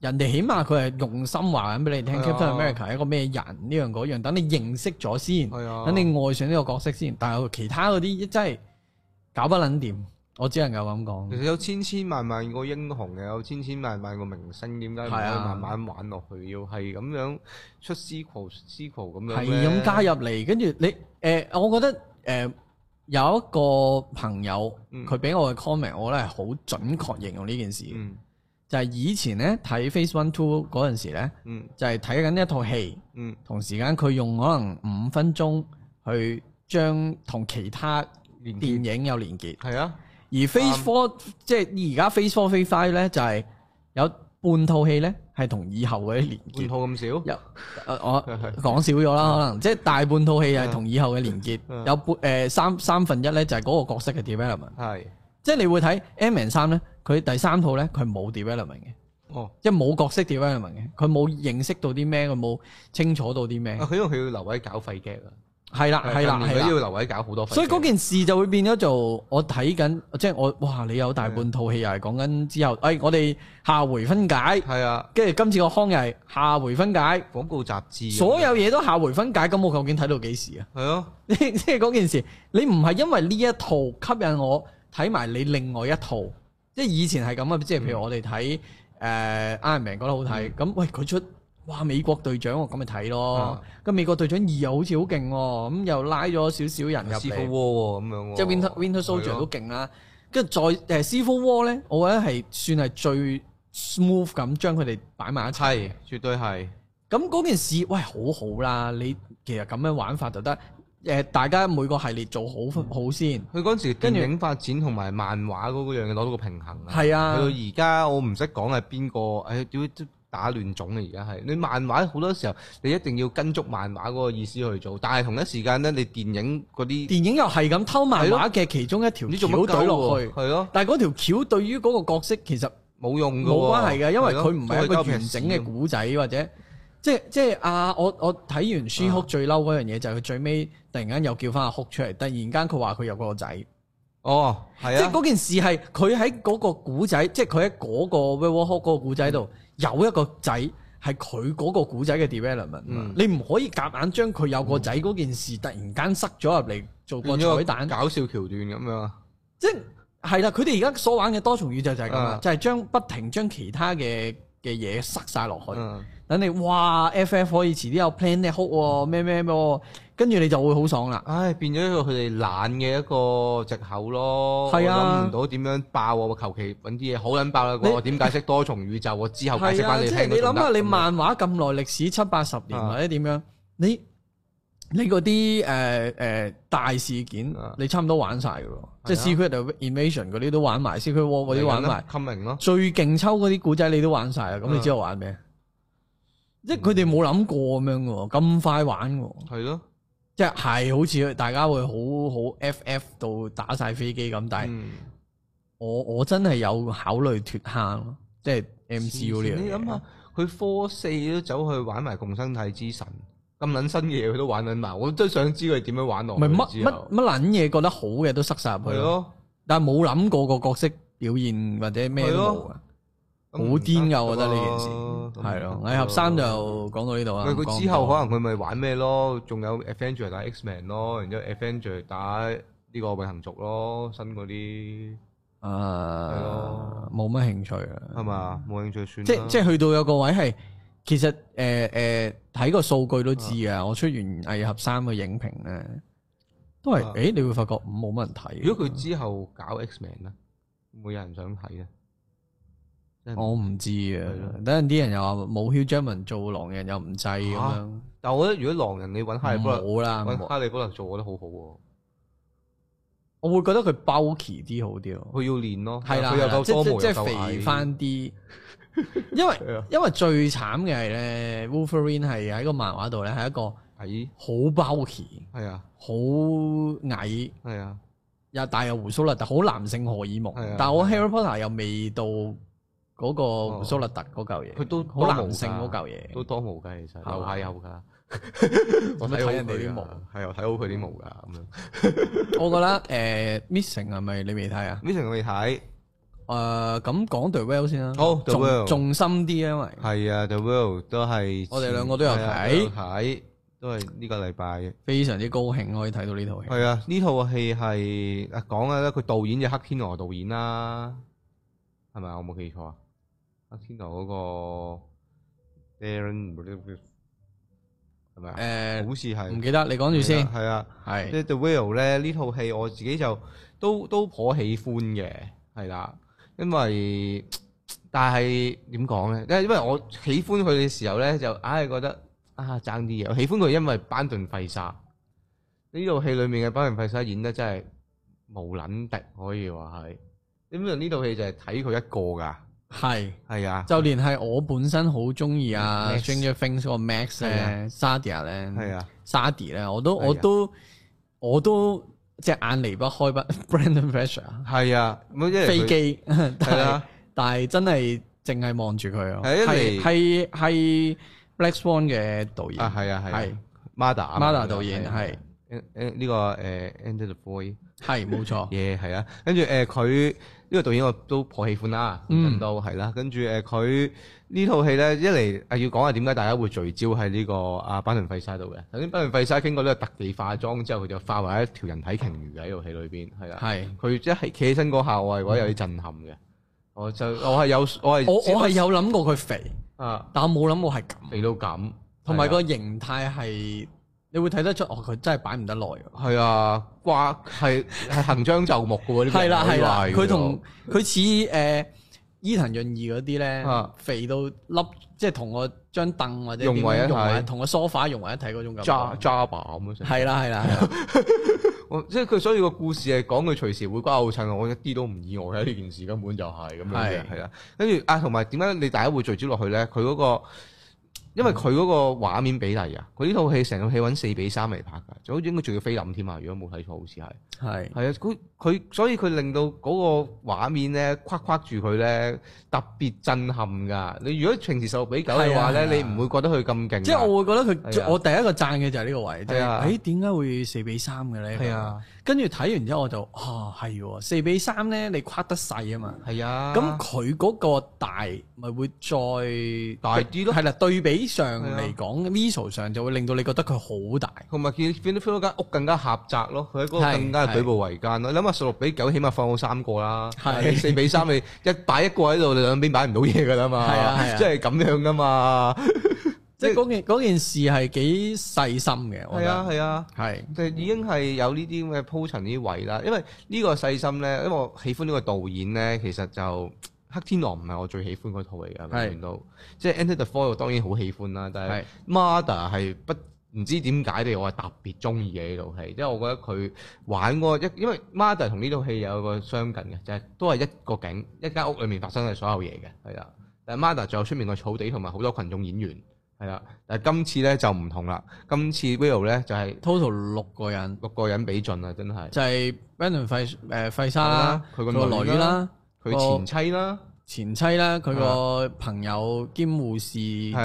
人哋起碼佢係用心話緊俾你聽，Captain America 係一個咩人呢樣嗰樣，等你認識咗先，等、哎、呦你愛上呢個角色先。但係其他嗰啲真係搞不撚掂，我只能夠咁講。其實有千千萬萬個英雄，有千千萬萬個明星，點解唔去慢慢玩落去？哎、呦要係咁樣出師袍、師袍咁樣咧？係咁加入嚟，跟住你誒、呃，我覺得誒、呃呃、有一個朋友佢俾、嗯、我嘅 comment，我咧係好準確形容呢件事。嗯。就係以前咧睇 Phase One Two 嗰陣時咧、嗯，就係睇緊一套戲，同時間佢用可能五分鐘去將同其他電影有連結。係啊結，而 Phase Four 即係而家 Phase Four Phase Five 咧，就係、是、有半套戲咧係同以後嘅連結，半套咁少？有我講少咗啦，可能即係大半套戲係同以後嘅連結，有半誒三三分一咧就係嗰個角色嘅 development。係。即係你會睇《Mand 三》咧，佢第三套咧，佢冇 development 嘅，哦、即係冇角色 development 嘅，佢冇認識到啲咩，佢冇清楚到啲咩。佢因為佢要留位搞廢劇啊。係啦的，係啦的，係啦，佢要留位搞好多。所以嗰件事就會變咗做我睇緊，即係我哇，你有大半套戲又係講緊之後，誒、哎，我哋下回分解。係啊的，跟住今次個康又係下回分解。廣告雜誌。所有嘢都下回分解，咁我究竟睇到幾時啊？係啊的，即係嗰件事，你唔係因為呢一套吸引我。睇埋你另外一套，即係以前係咁啊！即係譬如我哋睇誒 Iron Man 覺得好睇，咁、嗯、喂，佢出哇美國隊長，咁咪睇咯。咁、啊、美國隊長二又好似好勁喎，咁又拉咗少少人入嚟。Civil War 喎，咁、哦、樣、哦、即係 Winter, Winter Soldier、啊、都勁啦、啊，跟住再誒 Civil War 咧，我覺得係算係最 smooth 咁將佢哋擺埋一齊。絕對係。咁嗰件事喂好好啦，你其實咁樣玩法就得。誒，大家每個系列做好好先。佢嗰陣時跟住電影發展同埋漫畫嗰個樣攞到個平衡啦。係啊，去到而家我唔識講係邊個，誒、哎、點打亂種啊！而家係你漫畫好多時候，你一定要跟足漫畫嗰個意思去做，但係同一時間咧，你電影嗰啲電影又係咁偷漫畫嘅其中一條、啊，你仲乜攪落去？係咯、啊。但係嗰條橋對於嗰個角色其實冇用噶、啊，冇關係嘅，因為佢唔係一個完整嘅古仔或者。即係即係啊！我我睇完書哭最嬲嗰樣嘢就係佢最尾突然間又叫翻阿哭出嚟，突然間佢話佢有個仔哦，係啊！即係嗰件事係佢喺嗰個古仔，即係佢喺嗰個《War War》嗰個古仔度有一個仔，係佢嗰個古仔嘅 development。那個那個嗯、你唔可以夾硬將佢有個仔嗰件事突然間塞咗入嚟做個彩蛋搞笑橋段咁樣。即係係啦，佢哋而家所玩嘅多重宇宙就係咁啊，就係將不停將其他嘅嘅嘢塞晒落去。啊。等你哇！FF 可以遲啲有 plan 你哭咩咩咩喎，跟住你就會好爽啦。唉，變咗一個佢哋懶嘅一個藉口咯。係啊，諗唔到點樣爆喎？求其揾啲嘢好撚爆啦！我點解釋多重宇宙？我之後解釋翻你聽你諗下，你漫畫咁耐歷史七八十年或者點樣？你你嗰啲誒誒大事件，你差唔多玩晒嘅咯。即係 Secret Invasion 嗰啲都玩埋，Secret War 嗰啲玩埋，昆明咯。最勁抽嗰啲古仔你都玩晒啊。咁你知道我玩咩？即係佢哋冇諗過咁樣嘅，咁快玩嘅。係咯的，即係係好似大家會好好 FF 到打晒飛機咁。嗯、但係我我真係有考慮脱坑，即係 MCU 呢樣嘢，你諗下，佢科四都走去玩埋共生體之神，咁捻新嘅嘢佢都玩捻埋。我都想知佢點樣玩落去。咪乜乜乜捻嘢覺得好嘅都塞晒入去。咯的，但係冇諗過個角色表現或者咩路的好癲噶我覺得呢件事係咯，蟻俠三就講到呢度啊。佢佢、嗯、之後可能佢咪玩咩咯？仲有 Avenger 打 Xman 咯，然之後 Avenger 打呢個永恆族咯，新嗰啲誒，冇乜、啊、咯興趣啊，係嘛，冇興趣算。即即係去到有個位係，其實誒誒睇個數據都知啊。我出完蟻俠三嘅影評咧，都係誒、啊欸、你會發覺冇乜人睇。如果佢之後搞 Xman 咧，會會有人想睇啊？我唔知啊！等陣啲人又話冇 Hugh Jackman 做狼人又唔制咁樣。但係我覺得如果狼人你搵哈利波特啦，搵哈利波特做我都好好喎。我會覺得佢 bulky 啲好啲咯。佢要練咯，係啦，又夠多毛又夠矮。因為因為最慘嘅係咧，Wolverine 係喺個漫畫度咧係一個矮好 bulky 係啊，好矮，係啊，又大又鬍鬚啦，但好男性荷爾蒙。但我 Harry Potter 又未到。嗰個蘇拉特嗰嚿嘢，佢都好男性嗰嚿嘢，都多毛㗎其實，樓下有噶，我睇人哋啲毛，係啊，睇好佢啲毛噶咁樣。我覺得誒，Missing 係咪你未睇啊？Missing 未睇，誒咁講 The Whale 先啦，好，The Whale 重心啲，因為係啊，The Whale 都係我哋兩個都有睇，睇都係呢個禮拜，非常之高興可以睇到呢套戲。係啊，呢套戲係講緊一個導演嘅黑天鵝導演啦，係咪啊？我冇記錯啊。阿天堂嗰個，係咪、啊？誒，呃、好似係唔記得，你講住先。係啊，係。是的 The Whale 咧呢套戲，我自己就都都頗喜歡嘅，係啦。因為，但係點講咧？因為因為我喜歡佢嘅時候咧，就硬係、啊、覺得啊爭啲嘢。點點我喜歡佢因為班頓費沙呢套戲裏面嘅班頓費沙演得真係無撚敵，可以話係。點解呢套戲就係睇佢一個㗎。係係啊！就連係我本身好中意啊，《Stranger Things》嗰個 Max 咧、Sadie 咧、Sadie 咧，我都我都我都隻眼離不開不 Brendan Fraser 啊！係啊，飛機，但係但係真係淨係望住佢啊。係係係 Black Swan 嘅導演啊，係啊係 Mother Mother 導演係誒誒呢個誒 Ended Boy 係冇錯 yeah 係啊，跟住誒佢。呢個導演我都頗喜歡啦，咁都係啦。跟住誒，佢呢套戲咧，一嚟係要講下點解大家會聚焦喺呢個阿班倫費沙度嘅。首先，班倫費沙經過呢個特技化妝之後，佢就化為一條人體鯨魚喺套戲裏邊，係啦。係佢的一係企起身嗰下，我係覺得有啲震撼嘅、嗯。我就我係有我係我我係有諗過佢肥啊，但我冇諗過係咁肥到咁，同埋個形態係。你會睇得出哦，佢真係擺唔得耐。係啊，掛係係行將就木嘅喎，呢邊好賴。係啦係啦，佢同佢似誒伊藤潤二嗰啲咧，肥到粒，即係同個張凳或者同個梳化融為一體嗰種感覺。Java 咁啊，係啦係啦，即係佢所有個故事係講佢隨時會瓜老襯，我一啲都唔意外啊！呢件事根本就係咁樣。係啦，跟住啊，同埋點解你大家會聚焦落去咧？佢嗰個。因為佢嗰個畫面比例啊，佢呢套戲成套戲揾四比三嚟拍噶，就好似應該仲要菲林添啊。如果冇睇錯好似係，係係啊，佢佢所以佢令到嗰個畫面咧，框框住佢咧，特別震撼噶。你如果你平時十六比九嘅話咧，啊、你唔會覺得佢咁勁？即係、啊、我會覺得佢，我第一個讚嘅就係呢個位，即係、啊，誒，點、欸、解會四比三嘅咧？係啊。跟住睇完之後，我就啊係四比三咧，你跨得細啊嘛，係啊。咁佢嗰個大咪會再大啲咯，係啦。對比上嚟講，visual 上就會令到你覺得佢好大，同埋見變咗間屋更加狹窄咯。佢喺嗰度更加係舉步維艱咯。你諗下十六比九，起碼放好三個啦，係四比三，你一擺一個喺度，你兩邊擺唔到嘢噶啦嘛，係啊，即係咁樣噶嘛。即係嗰件件事係幾細心嘅，係啊係啊，係就、啊、是已經係有呢啲咁嘅鋪陳呢啲位啦。因為個細呢個細心咧，因為我喜歡呢個導演咧，其實就《黑天鵝》唔係我最喜歡嗰套嚟㗎，完全都是即係《e n t e d Fore》當然好喜歡啦，但係《Mother》係不唔知點解哋我係特別中意嘅呢套戲，因為我覺得佢玩過一，因為《Mother》同呢套戲有一個相近嘅，就係都係一個景一間屋裏面發生嘅所有嘢嘅係啊。的但係《Mother》仲有出面個草地同埋好多群眾演員。係啦，但係今次咧就唔同啦。今次 Whale 咧就係 total 六個人，六個人比盡啊，真係就係 Benon 費誒費沙啦，佢個女啦，佢前妻啦，前妻啦，佢個朋友兼護士就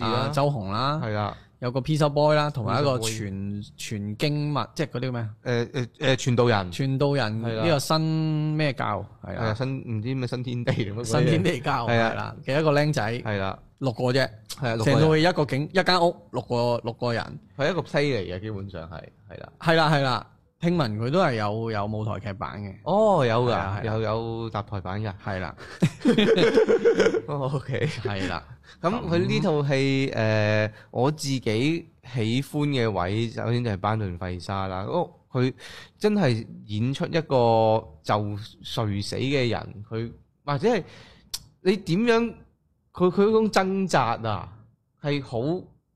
係阿周紅啦，係啊，有個 Pizza Boy 啦，同埋一個傳傳經物，即係嗰啲咩誒誒誒傳道人，傳道人呢個新咩教係啊新唔知咩新天地新天地教係啊，嘅一個僆仔係啦。六個啫，係啊，成套戲一個景一間屋，六個六個人，佢一個 play 嚟嘅，基本上係係啦，係啦係啦，聽聞佢都係有有舞台劇版嘅，哦有噶，的又有搭台版噶，係啦，OK 係啦，咁佢呢套戲誒我自己喜歡嘅位，首先就係班頓費沙啦，哦，佢真係演出一個就垂死嘅人，佢或者係你點樣？佢佢嗰種掙扎啊，係好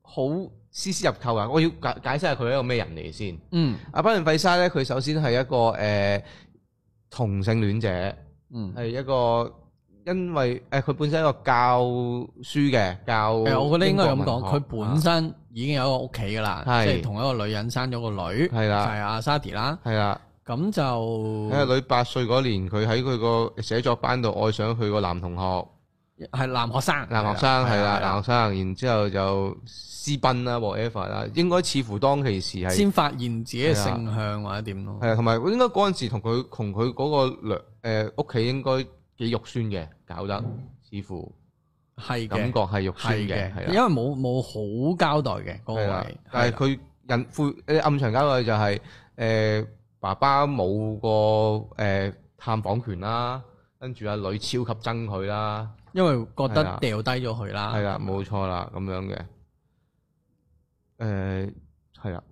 好絲絲入扣啊！我要解解釋下佢係一個咩人嚟先。嗯，阿班尼費沙咧，佢首先係一個誒、欸、同性戀者，係、嗯、一個因為誒佢、啊、本身一個教書嘅教、嗯。我覺得應該咁講，佢本身已經有一個屋企噶啦，啊、是即係同一個女人生咗個女，的就係阿 Sadie 啦。係啦的，咁的就因為女八歲嗰年，佢喺佢個寫作班度愛上佢個男同學。係男學生，男學生係啦，男學生。然之後就私奔啦，和 Ever 啦，應該似乎當其時係先發現自己嘅性向或者點咯。係啊，同埋、那個呃、應該嗰陣時同佢同佢嗰個屋企應該幾肉酸嘅，搞得、嗯、似乎係的感覺係肉酸嘅，係啦，因為冇冇好交代嘅嗰、那個，但係佢隱晦暗場交代就係、是、誒、呃、爸爸冇個誒探訪,訪權啦，跟住阿女,兒女,兒女兒超級憎佢啦。因為覺得掉低咗佢啦，係啦，冇錯啦，咁樣嘅，誒， 係啦，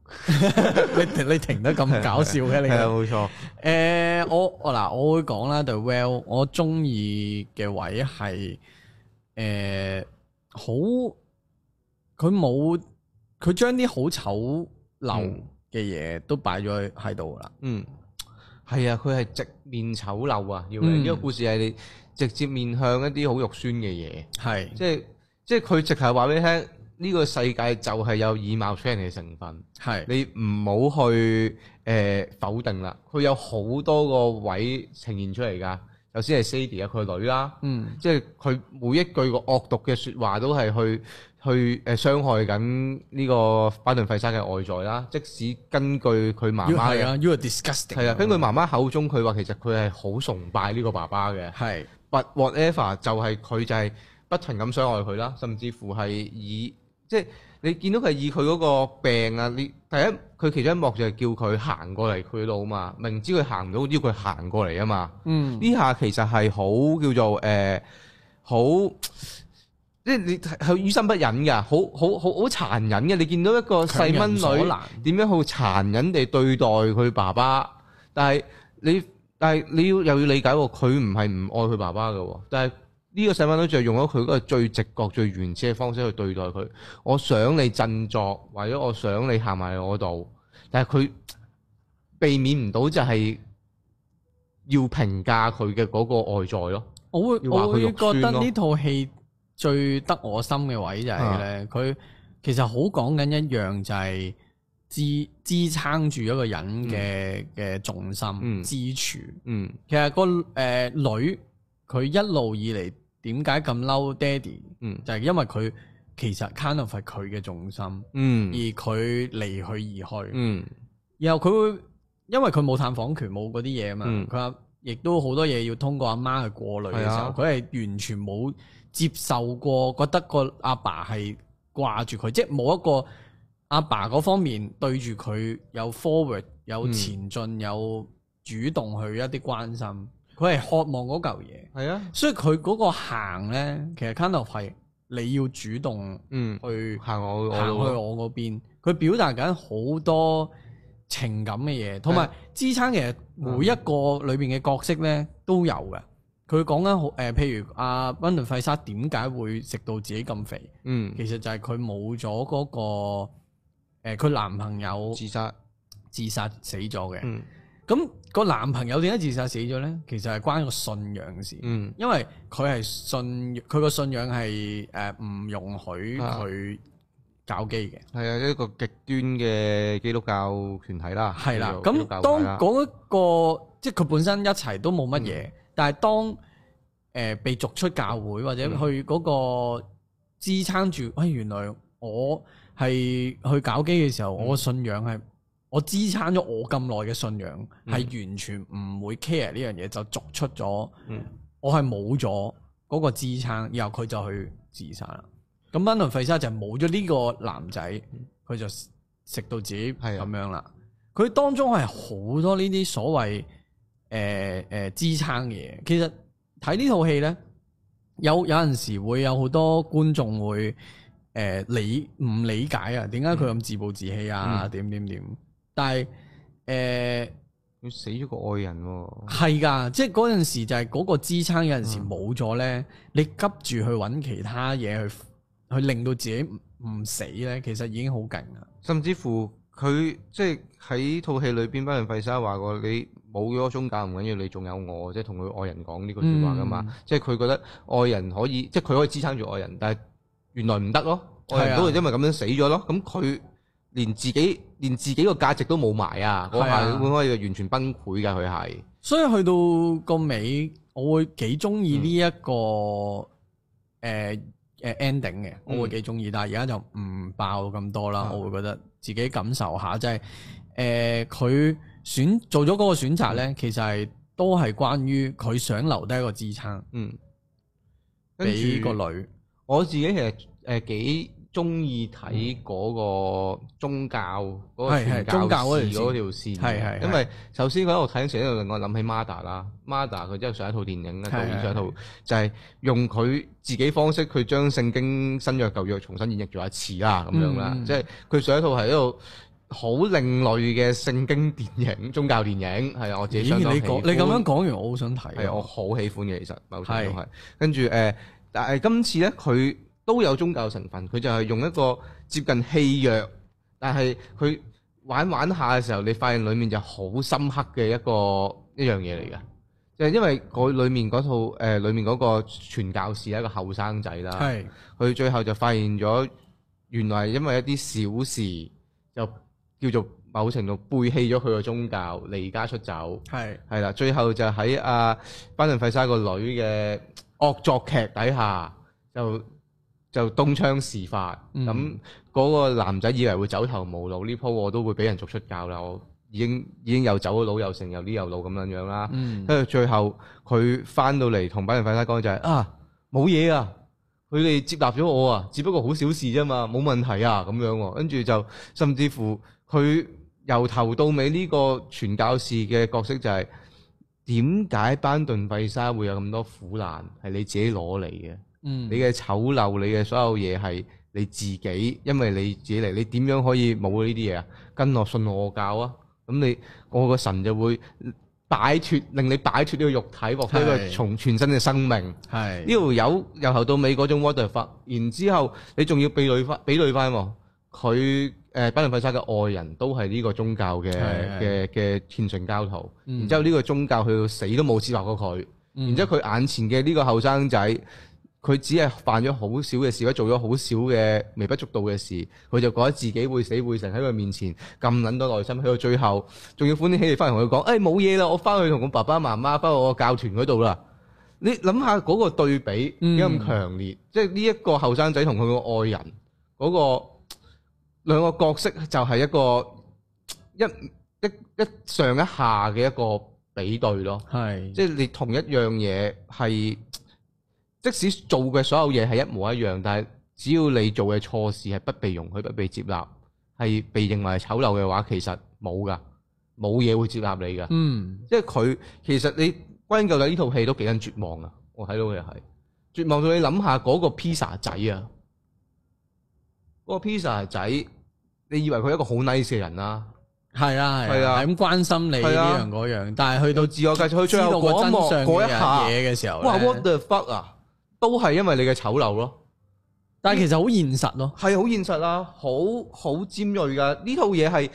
你你停得咁搞笑嘅，你係啊，冇錯，誒、呃，我我嗱，我會講啦，對 Well，我中意嘅位係誒好，佢冇佢將啲好醜陋嘅嘢都擺咗喺度啦，嗯，係啊，佢係直面醜陋啊，嗯、因為呢個故事係你。直接面向一啲好肉酸嘅嘢，係是即係即係佢直係話俾你聽，呢、這個世界就係有以貌取人嘅成分，係是你唔好去誒、呃、否定啦。佢有好多個位呈現出嚟㗎，首先係 Sadie 啊，佢女啦，嗯，即係佢每一句個惡毒嘅説話都係去去誒傷害緊呢個巴頓費沙嘅外在啦。即使根據佢媽媽嘅，係啊 You are disgusting。係啊，根據媽媽口中，佢話其實佢係好崇拜呢個爸爸嘅，係、嗯。whatever 就係佢就係不停咁傷害佢啦，甚至乎係以即係你見到佢以佢嗰個病啊，你第一佢其中一幕就係叫佢行過嚟佢度嘛，明知佢行唔到，要佢行過嚟啊嘛。嗯，呢下其實係好叫做誒好、呃，即係你係於心不忍噶，好好好好殘忍嘅。你見到一個細蚊女點樣好殘忍地對待佢爸爸，但係你。但係你要又要理解喎，佢唔係唔愛佢爸爸嘅，但係呢個細蚊仔就係用咗佢嗰個最直覺、最原始嘅方式去對待佢。我想你振作，或者我想你行埋我度，但係佢避免唔到就係要評價佢嘅嗰個外在咯。我會我會覺得呢套戲最得我心嘅位就係、是、咧，佢的其實好講緊一樣就係、是。支支撐住一個人嘅嘅重心、嗯、支柱，嗯、其實個誒女佢一路以嚟點解咁嬲爹哋，嗯、就係因為佢其實 kind of 係佢嘅重心，嗯、而佢離去而去，嗯、然後佢會因為佢冇探訪權冇嗰啲嘢啊嘛，佢話亦都好多嘢要通過阿媽去過濾嘅時候，佢係、啊、完全冇接受過，覺得個阿爸係掛住佢，即係冇一個。阿爸嗰方面對住佢有 forward 有前進有主動去一啲關心，佢係、嗯、渴望嗰嚿嘢。係啊，所以佢嗰個行呢，其實 canal kind 係 of 你要主動去、嗯、行我行去我嗰我邊。佢表達緊好多情感嘅嘢，同埋、啊、支撐。其實每一個裏面嘅角色呢、嗯、都有嘅。佢講緊誒、呃，譬如阿溫頓費沙點解會食到自己咁肥？嗯，其實就係佢冇咗嗰個。誒，佢、呃、男朋友自殺自殺死咗嘅，咁、嗯、個男朋友點解自殺死咗咧？其實係關個信仰嘅事，嗯、因為佢係信佢個信仰係誒唔容許佢搞基嘅，係啊、嗯、啊，一個極端嘅基督教團體啦，係啦、嗯。咁、啊、當嗰、嗰個即係佢本身一齊都冇乜嘢，嗯、但係當誒、呃、被逐出教會或者去嗰個支撐住，喂、哎呃，原來,原來,原來,原來,原來我。係去搞基嘅時候，嗯、我嘅信仰係我支撐咗我咁耐嘅信仰，係、嗯、完全唔會 care 呢樣嘢，就逐出咗。嗯、我係冇咗嗰個支撐，然後佢就去自殺啦。咁 Brendan Fraser 就冇咗呢個男仔，佢、嗯、就食到自己咁樣啦。佢、嗯、當中係好多呢啲所謂誒誒支撐嘅嘢。其實睇呢套戲咧，有有陣時會有好多觀眾會。誒、呃，理唔理解啊？點解佢咁自暴自棄啊？點點點？但係誒，佢、呃、死咗個愛人喎、啊，係噶，即係嗰陣時就係嗰個支撐有陣時冇咗咧，嗯、你急住去揾其他嘢去去令到自己唔死咧，其實已經好勁噶。甚至乎佢即係喺套戲裏邊，班人廢沙話過你冇咗宗教唔緊要，你仲有我，即係同佢愛人講呢句說話噶嘛。即係佢覺得愛人可以，即係佢可以支撐住愛人，但係。原來唔得咯，係都係因為咁樣死咗咯。咁佢是、啊、連自己連自己個價值都冇埋啊，嗰下會唔會可以完全崩潰㗎？佢係，所以去到個尾，我會幾中意呢一個誒誒、嗯呃、ending 嘅，我會幾中意。但係而家就唔爆咁多啦，嗯、我會覺得自己感受下，即係誒佢選做咗嗰個選擇咧，其實係都係關於佢想留低一個支撐，嗯，俾個女。我自己其實誒幾中意睇嗰個宗教嗰、嗯、傳教士嗰條線，係係係係係，因為首先佢喺度睇成時令我諗起 Mada 啦，Mada 佢之後上一套電影咧，導演上一套是是 就係用佢自己方式，佢將聖經新約舊約重新演繹咗一次啦，咁樣啦，嗯、即係佢上一套係一個好另類嘅聖經電影、宗教電影，係啊，我自己想講。你咁樣講完我、啊，我好想睇。係我好喜歡嘅，其實某程度係是是 跟住誒。呃但係今次呢，佢都有宗教成分，佢就係用一個接近戲謔，但係佢玩玩下嘅時候，你發現裡面就好深刻嘅一個一樣嘢嚟嘅，就係、是、因為嗰裏面嗰套誒裏、呃、面嗰個傳教士係一個後生仔啦，佢是最後就發現咗原來因為一啲小事就叫做某程度背棄咗佢個宗教，離家出走，係係啦，最後就喺阿、啊、班倫費沙個女嘅。惡作劇底下就就東窗事發，咁嗰、嗯嗯嗰個男仔以為會走投無路，呢鋪我都會俾人逐出教啦。我已經已經又走咗路，又成，又呢又老咁樣樣啦。跟住、嗯、最後佢翻到嚟同班人快拉講就係啊冇嘢啊，佢哋接納咗我啊，只不過好小事啫嘛，冇問題啊咁樣。跟住就甚至乎佢由頭到尾呢個傳教士嘅角色就係、是。點解班憤廢沙會有咁多苦難？係你自己攞嚟嘅，嗯、你嘅醜陋，你嘅所有嘢係你自己，因為你自己嚟。你點樣可以冇呢啲嘢啊？跟我信我教啊！咁你我個神就會擺脫，令你擺脫呢個肉體，獲得一個從全新嘅生命。係呢度有由頭到尾嗰種魔道法，然之後你仲要被累翻，被累翻佢。誒，巴倫費沙嘅愛人都係呢個宗教嘅嘅嘅虔誠教徒，然之後呢個宗教去到死都冇指責過佢，嗯、然之後佢眼前嘅呢個後生仔，佢只係犯咗好少嘅事，或做咗好少嘅微不足道嘅事，佢就覺得自己會死會神喺佢面前咁撚多耐心，去到最後仲要歡天喜地翻嚟同佢講，誒，冇嘢啦，我翻去同我爸爸媽媽，翻去我教團嗰度啦。你諗下嗰個對比有咁強烈，嗯、即係呢一個後生仔同佢嘅愛人嗰、那個兩個角色就係一個一一一上一下嘅一個比對咯，係即係你同一樣嘢係即使做嘅所有嘢係一模一樣，但係只要你做嘅錯事係不被容許、不被接納，係被認為係醜陋嘅話，其實冇噶，冇嘢會接納你噶。嗯，即係佢其實你歸究底呢套戲都幾咁絕望呀，我睇到嘅係絕望到你諗下嗰個披薩仔啊！嗰個披薩仔，你以為佢一個好 nice 嘅人啦？係啊，係啊，咁、啊啊、關心你呢、啊、樣嗰樣，但係去到自我介紹最後嗰幕嗰一下嘢嘅時候，哇！What the fuck 啊！都係因為你嘅醜陋咯。嗯、但係其實好現實咯，係好現實啊，好好尖鋭噶。呢套嘢係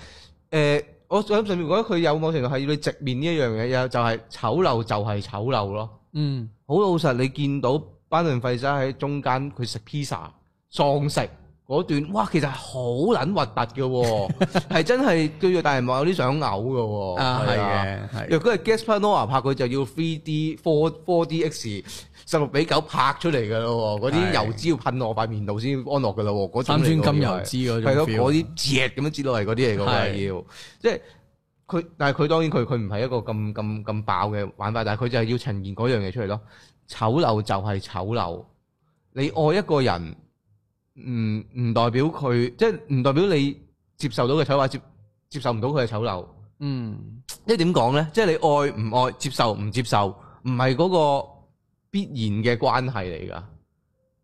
誒，我諗上面覺得佢有某程度係要你直面呢一樣嘢，又就係、是、醜陋就係醜陋咯。嗯，好、嗯、 老實，你見到班亂廢渣喺中間佢食披薩，喪食。嗰段哇，其實好撚核突嘅，係真係叫做大屏幕有啲想嘔嘅。啊，係嘅，若果係 Gaspar Noa 拍佢就要 three D、four four D X 十六比九拍出嚟嘅咯，嗰啲油脂要噴落我塊面度先安樂嘅啦。嗰啲三酸甘油脂係咯，嗰啲汁咁樣擠落嚟嗰啲嚟嘅要，即係佢，但係佢當然佢佢唔係一個咁咁咁爆嘅玩法，但係佢就係要呈現嗰樣嘢出嚟咯。醜陋就係醜陋，你愛一個人。唔唔代表佢，即係唔代表你接受到嘅醜話，接接受唔到佢嘅醜陋。嗯，即係點講呢？即係你愛唔愛，接受唔接受，唔係嗰個必然嘅關係嚟噶。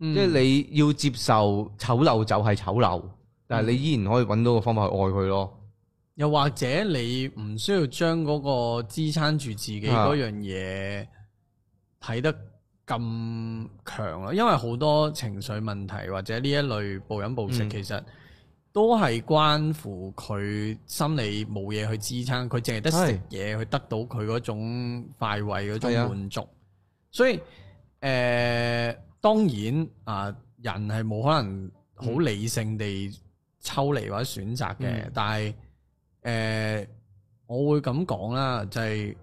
嗯、即係你要接受醜陋就係醜陋，但係你依然可以揾到個方法去愛佢咯。又或者你唔需要將嗰個支撐住自己嗰樣嘢睇得咁強咯，因為好多情緒問題或者呢一類暴飲暴食，嗯、其實都係關乎佢心理冇嘢去支撐，佢淨係得食嘢去得到佢嗰種快慰嗰種滿足。啊、所以誒、呃，當然啊，人係冇可能好理性地抽離或者選擇嘅，嗯、但係誒、呃，我會咁講啦，就係、是、誒。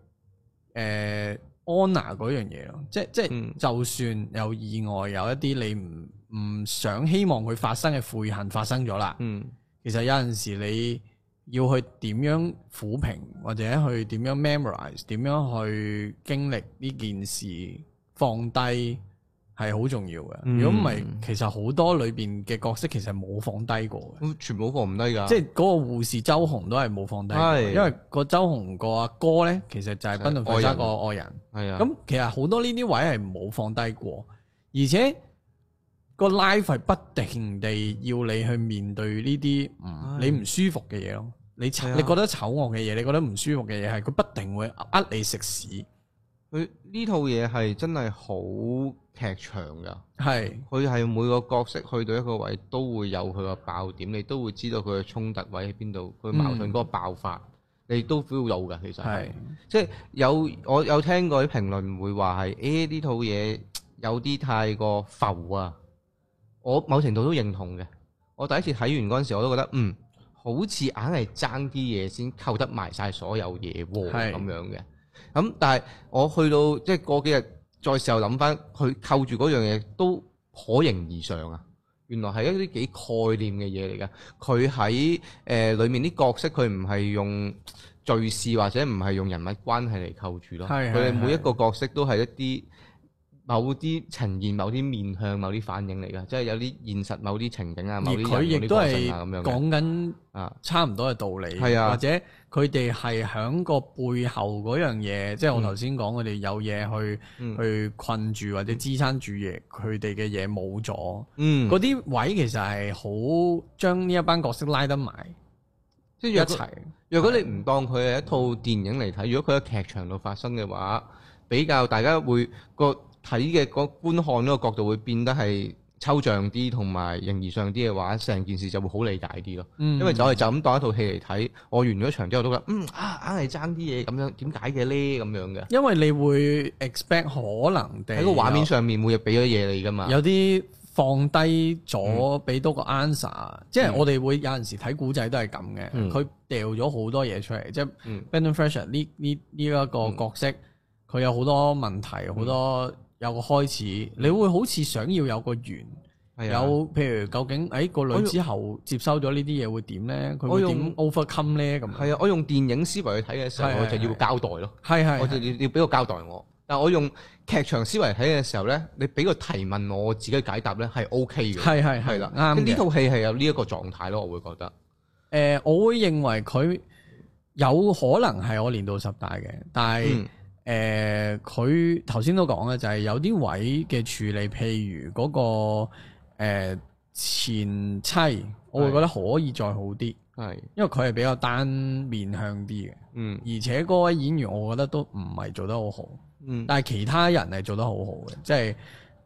呃安娜嗰樣嘢咯，即係即係，就算有意外，有一啲你唔唔想希望佢發生嘅悔恨發生咗啦。嗯、其實有陣時你要去點樣撫平，或者去點樣 memorize，點樣去經歷呢件事，放低。係好重要嘅，如果唔係，其實好多裏邊嘅角色其實冇放低過嘅、嗯，全部放唔低噶，即係嗰個護士周紅都係冇放低，的因為個周紅個阿哥咧，其實就係不倫不加個愛人，係啊的，咁其實好多呢啲位係冇放低過，而且個 life 係不停地要你去面對呢啲你唔舒服嘅嘢咯，你的你覺得醜惡嘅嘢，你覺得唔舒服嘅嘢，係佢的的不停會呃你食屎。佢呢套嘢係真係好劇場㗎，係佢係每個角色去到一個位都會有佢個爆點，你都會知道佢嘅衝突位喺邊度，佢矛盾嗰個爆發，嗯、你都 feel 到㗎。其實係是即係有我有聽過啲評論會話係，誒呢套嘢有啲太過浮啊，我某程度都認同嘅。我第一次睇完嗰陣時，我都覺得嗯，好似硬係爭啲嘢先扣得埋晒所有嘢喎咁樣嘅。咁、嗯、但係我去到即係過幾日再時候諗翻，佢扣住嗰樣嘢都可形而上啊！原來係一啲幾概念嘅嘢嚟㗎。佢喺誒裏面啲角色，佢唔係用敘事或者唔係用人物關係嚟扣住咯。佢哋的每一個角色都係一啲。某啲呈現、某啲面向、某啲反應嚟㗎，即係有啲現實某啲情景啊，某啲人某啲咁樣。而佢亦都係講緊啊，差唔多嘅道理。係啊，或者佢哋係喺個背後嗰樣嘢，即係我頭先講，佢哋有嘢去去困住或者支撐住嘢，佢哋嘅嘢冇咗。嗯，嗰啲位其實係好將呢一班角色拉得埋，即係一齊。如果你唔當佢係一套電影嚟睇，如果佢喺劇場度發生嘅話，比較大家會個。.睇嘅嗰觀看呢個角度會變得係抽象啲，同埋形而上啲嘅話，成件事就會好理解啲咯。嗯、因為就係就咁當一套戲嚟睇，我完咗場之後都覺得，嗯啊，硬係爭啲嘢咁樣，點解嘅咧咁樣嘅？因為你會 expect 可能喺個畫面上面會入俾咗嘢你噶嘛。有啲放低咗，俾多個 answer。即係我哋會有陣時睇古仔都係咁嘅，佢掉咗好多嘢出嚟。即係 Brendan Fraser 呢呢呢一個角色，佢、嗯、有好多問題，好多、嗯。有個開始，你會好似想要有個圓，的有譬如究竟誒個女之後接收咗呢啲嘢用會點咧？佢會點 overcome 咧？咁係啊！我用電影思維去睇嘅時候，的我就要交代咯。係係，我就要要俾個交代我。的但我用劇場思維睇嘅時候咧，你俾個提問我，我自己解答咧係 OK 嘅。係係係啦，啱呢套戲係有呢一個狀態咯，我會覺得。誒、呃，我會認為佢有可能係我年度十大嘅，但係、嗯。誒，佢頭先都講啦，就係有啲位嘅處理，譬如嗰個誒前妻，我會覺得可以再好啲，係，因為佢係比較單面向啲嘅，嗯，而且嗰位演員，我覺得都唔係做得好好，嗯，但係其他人係做得好好嘅，即係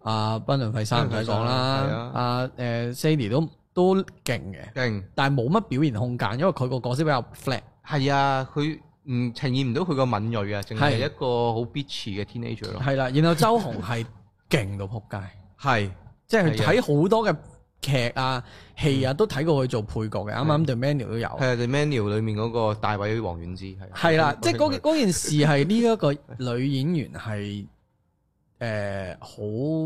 阿賓倫費沙唔使講啦，阿誒 Sandy 都都勁嘅，勁，但係冇乜表現空間，因為佢個角色比較 flat，係啊，佢。嗯，呈現唔到佢個敏鋭啊，淨係一個好 bitch 嘅 teenager 咯。係啦，然後周紅係勁到撲街，係即係睇好多嘅劇啊、戲啊，都睇過佢做配角嘅，啱啱對 manual 都有。係啊，對 manual 裏面嗰個大偉王菀之係。係啦，即係嗰件事係呢一個女演員係誒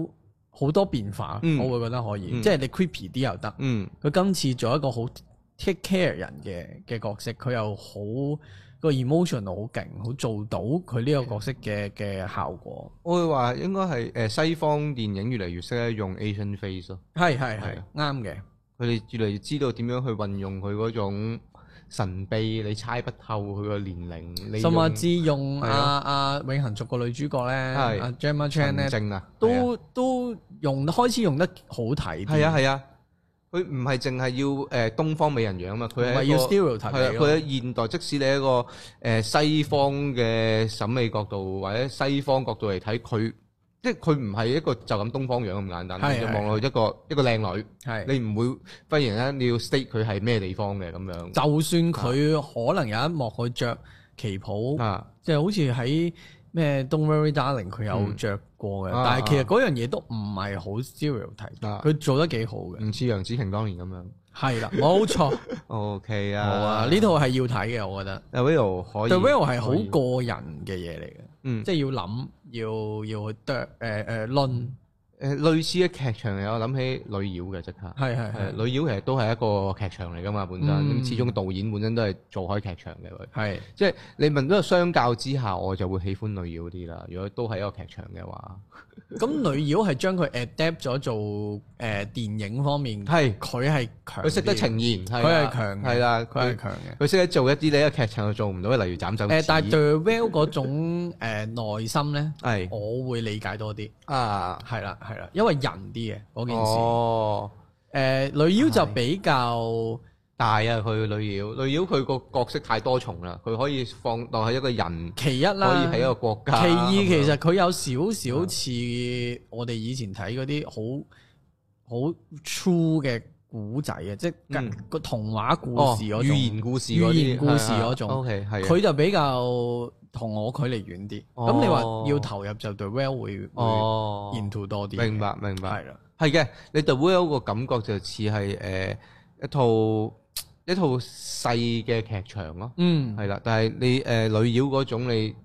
好好多變化，我會覺得可以。即係你 creepy 啲又得，嗯，佢今次做一個好 take care 人嘅嘅角色，佢又好。個 emotion 好勁，好做到佢呢個角色嘅嘅效果。我會話應該係誒西方電影越嚟越識得用 Asian face 咯。係係係，啱嘅、啊。佢哋，的越嚟越知道點樣去運用佢嗰種神秘，你猜不透佢個年齡。甚至用阿阿永恒族個女主角咧，阿 Jemma Chan 咧，都、啊、都用開始用得好睇。係啊係啊。佢唔係淨係要誒東方美人樣啊嘛，佢係一個係啊，佢喺現代，即使你一個誒西方嘅審美角度或者西方角度嚟睇，佢即係佢唔係一個就咁東方樣咁簡單，是的 你望落去一個一個靚女，是的 你唔會忽然咧你要 state 佢係咩地方嘅咁樣。就算佢可能有一幕佢着旗袍啊，即係是的 好似喺。咩 Don't worry, darling 佢有着過嘅，嗯、但係其實嗰樣嘢都唔係好 serial 睇，佢、啊、做得幾好嘅，唔似楊紫瓊當年咁樣，係啦， 冇錯。 OK 啊，呢、啊、套係要睇嘅，我覺得。The Whale 可以，The Whale 係好個人嘅嘢嚟嘅，嗯以，即係要諗，要要去剁，誒誒論。呃誒類似嘅劇場有諗起《女妖》嘅即刻，係係《女妖》其實都係一個劇場嚟㗎嘛，本身咁、嗯、始終導演本身都係做開劇場嘅佢，是即係你問到相較之下，我就會喜歡《女妖》啲啦。如果都係一個劇場嘅話。咁女妖係將佢 adapt 咗做誒電影方面，係佢係強，佢識得呈現，佢係、啊、強，係啦、啊，佢係是強嘅，佢識得做一啲咧，劇情佢做唔到，例如斬手。誒、呃，但係 The Whale 嗰種誒內心咧，係 是我會理解多啲啊，係啦，係啦，因為人啲嘅嗰件事，誒、哦呃、女妖就比較。大啊！佢女妖，女妖佢個角色太多重啦。佢可以放當係一個人，其一啦，可以係一個國家。其二其實佢有少少似我哋以前睇嗰啲好好 true 嘅古仔啊，即係個童話故事嗰種寓言故事、寓言故事嗰種。OK，係。佢就比較同我距離遠啲。咁你話要投入就對 Will 會會 into 多啲。明白，明白。係啦，係嘅。你對 Will 個感覺就似係誒一套。一套細嘅劇場咯，嗯，係啦。但係你誒女妖嗰種，你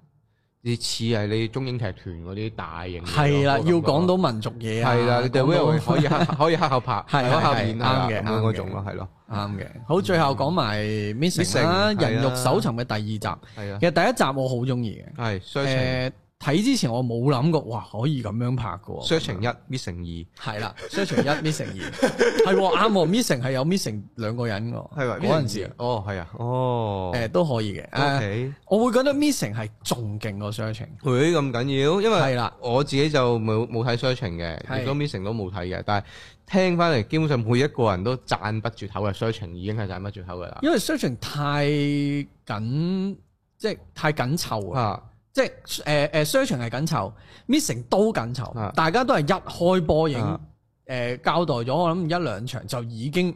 你似係你中英劇團嗰啲大型，係啦，要講到民族嘢係啦，你就可以可以黑後拍，係黑後面啱嘅嗰種咯，係咯，啱嘅。好，最後講埋 Miss 啦？人肉搜尋嘅第二集係啊，其實第一集我好中意嘅係誒。睇之前我冇諗過，哇可以咁樣拍嘅。Searching 一 Missing 二，係啦。Searching 一，Missing 二，係。阿王 Missing 係有 Missing 兩個人嘅，係咪？嗰陣時哦，係啊，哦，誒都可以嘅。我會覺得 Missing 係仲勁過 Searching，佢咁緊要，因為係啦。我自己就冇冇睇 Searching 嘅，連 Missing 都冇睇嘅。但係聽翻嚟，基本上每一個人都讚不絕口嘅。Searching 已經係讚不絕口嘅啦。因為 Searching 太緊，即係太緊湊啊。即係誒誒 Searching 係緊湊，Missing 都緊湊，大家都係一開波影誒交代咗，啊、我諗一兩場就已經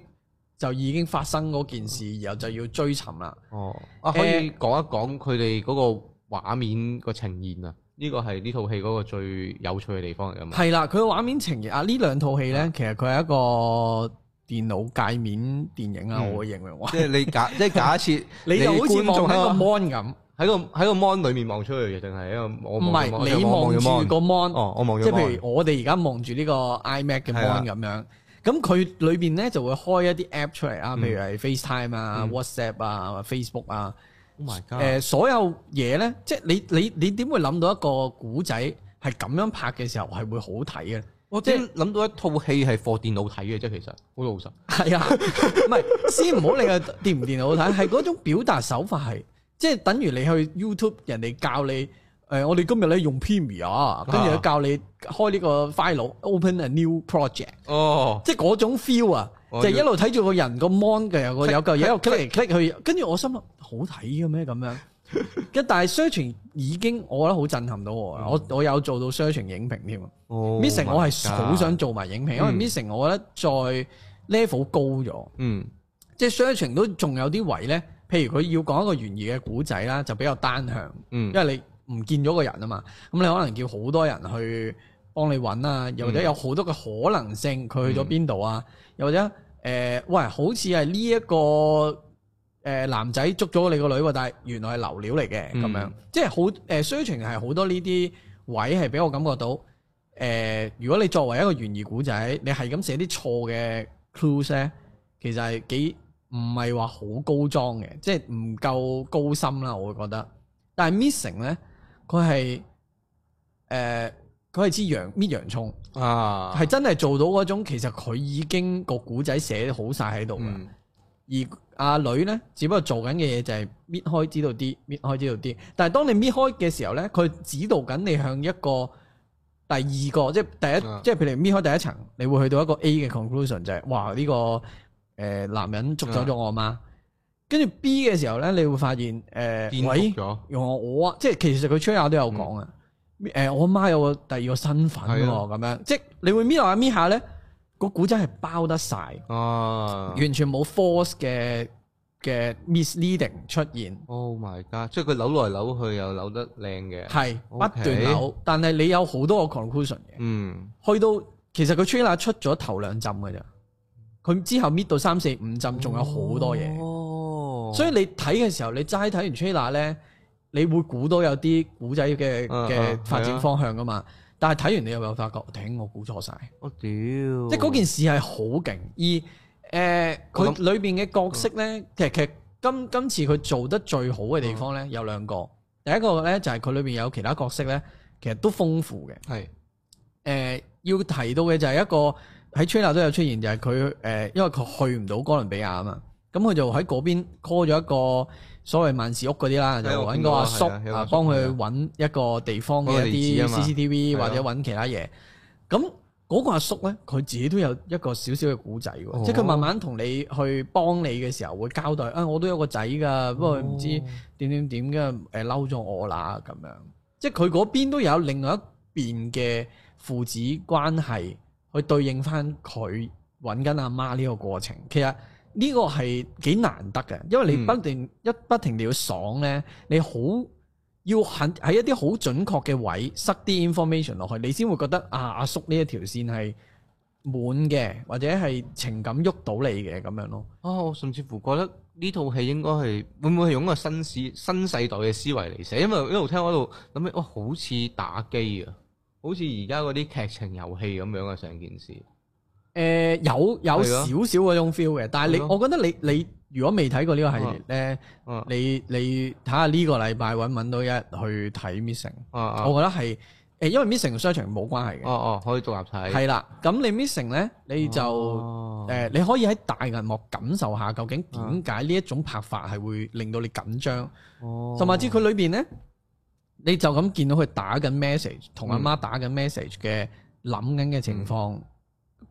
就已經發生嗰件事，哦、然後就要追尋啦。哦、啊，我可以講一講佢哋嗰個畫面個呈現啊，呢、呢個係呢套戲嗰個最有趣嘅地方嚟㗎嘛。係啦，佢個畫面呈現啊，兩呢兩套戲咧，啊、其實佢係一個電腦界面電影啊，我認為。即係你假即係假設你就好似望喺個 mon 咁。喺個喺個 mon 裏面望出去嘅，定係一個我唔係你望住個 mon 哦，我望即係譬如我哋而家望住呢個 iMac 嘅 mon 咁樣，咁佢的裏邊咧就會開一啲 app 出嚟啊，譬如係 FaceTime 啊、嗯、WhatsApp 啊、Facebook 啊，誒、oh my god 呃、所有嘢咧，即係你你你點會諗到一個古仔係咁樣拍嘅時候係會好睇嘅？我 Okay. 即係諗到一套戲係放電腦睇嘅，即係其實好老實，係啊， 唔係先唔好理佢電唔電腦睇，係嗰種表達手法係。即係等於你去 YouTube，人哋教你，誒，我哋今日咧用 Premier，跟住咧教你開呢個 file，open a new project，即係嗰種 feel 啊，就一路睇住個人個 mon 嘅，個有嚿嘢一路 click 嚟 click 去，跟住我心諗好睇嘅咩咁樣？一但係 searching 已經我覺得好震撼到我，我我有做到 searching 影評添，Missing 我係好想做埋影評，因為 Missing 我覺得再 level 高咗，嗯，即係 searching 都仲有啲位咧。譬如佢要講一個懸疑嘅古仔啦，就比較單向，嗯、因為你唔見咗個人啊嘛，咁你可能叫好多人去幫你揾啦、啊，又或者有好多嘅可能性佢去咗邊度啊，嗯、又或者誒、呃，喂，好似係呢一個誒男仔捉咗你個女喎，但係原來係流料嚟嘅咁樣，嗯、即係好誒 searching 係好多呢啲位係俾我感覺到誒、呃，如果你作為一個懸疑古仔，你係咁寫啲錯嘅 clues 咧，其實係幾～唔係話好高裝嘅，即係唔夠高深啦，我會覺得。但係 missing 咧，佢係誒，佢、呃、係知羊搣洋葱啊，係真係做到嗰種，其實佢已經個故仔寫好晒喺度嘅。嗯、而阿、啊、女咧，只不過做緊嘅嘢就係搣開知道啲，搣開知道啲。但係當你搣開嘅時候咧，佢指導緊你向一個第二個，即係第一，啊、即係譬如搣開第一層，你會去到一個 A 嘅 conclusion 就係、是、哇呢、這個。誒，男人捉走咗我阿媽，跟住、啊、B 嘅時候咧，你會發現誒，變、呃、咗、哎、用我啊，即係其實佢吹娜都有講啊，誒、嗯呃，我阿媽有個第二個身份喎，咁、嗯、樣，即係你會搣下搣下咧，那個古仔係包得晒、啊啊，哦，完全冇 force 嘅嘅 misleading 出現。Oh my god！即係佢扭來扭去又扭得靚嘅，係是 okay, 不斷扭，但係你有好多個 conclusion 嘅，嗯，去到其實佢吹娜出咗頭兩針噶咋。佢之後搣到三四五浸，仲有好多嘢。哦，所以你睇嘅時候，你齋睇完 trailer 咧，你會估到有啲古仔嘅嘅發展方向噶嘛？啊啊啊啊、但係睇完你又有發覺，頂，我估錯晒，我屌！哦啊、即係嗰件事係好勁，而誒佢裏邊嘅角色咧，想其實其實今今次佢做得最好嘅地方咧有兩個。第一個咧就係佢裏邊有其他角色咧，其實都豐富嘅。係誒、嗯是呃，要提到嘅就係一個。喺 trailer 都有出現，就係佢誒，因為佢去唔到哥倫比亞啊嘛，咁佢就喺嗰邊 call 咗一個所謂萬事屋嗰啲啦，對就揾個阿叔啊，幫佢揾一個地方嘅一啲 CCTV 或者揾其他嘢。咁嗰、哦、個阿叔咧，佢自己都有一個少少嘅古仔喎，哦、即係佢慢慢同你去幫你嘅時候會交代啊，我都有個仔噶，不過唔知點點點嘅誒嬲咗我啦咁樣。即係佢嗰邊都有另外一邊嘅父子關係。去對應翻佢揾緊阿媽呢個過程，其實呢個係幾難得嘅，因為你不斷、嗯、一不停地要爽呢，你好要喺喺一啲好準確嘅位塞啲 information 落去，你先會覺得啊阿叔呢一條線係滿嘅，或者係情感喐到你嘅咁樣咯。哦，我甚至乎覺得呢套戲應該係會唔會係用個新世新世代嘅思維嚟寫，因為一路聽我一路諗起，哇、哦，好似打機啊！好似而家嗰啲劇情遊戲咁樣嘅成件事，誒、呃，有有少少嗰種 feel 嘅，的但係你，的我覺得你你如果未睇過呢個系列咧、啊，你你睇下呢個禮拜揾揾到一日去睇 Missing，、啊啊啊、我覺得係誒，因為 Missing 個商場冇關係嘅，哦哦、啊啊，可以獨立睇，係啦，咁你 Missing 咧，你就誒、啊啊，你可以喺大銀幕感受下究竟點解呢一種拍法係會令到你緊張，哦、啊，同埋知佢裏邊咧。啊啊啊啊你就咁見到佢打緊 message，同阿媽打緊 message 嘅諗緊嘅情況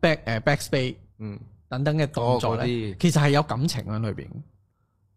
，back 誒 backspace，嗯，等等嘅動作咧，其實係有感情喺裏邊，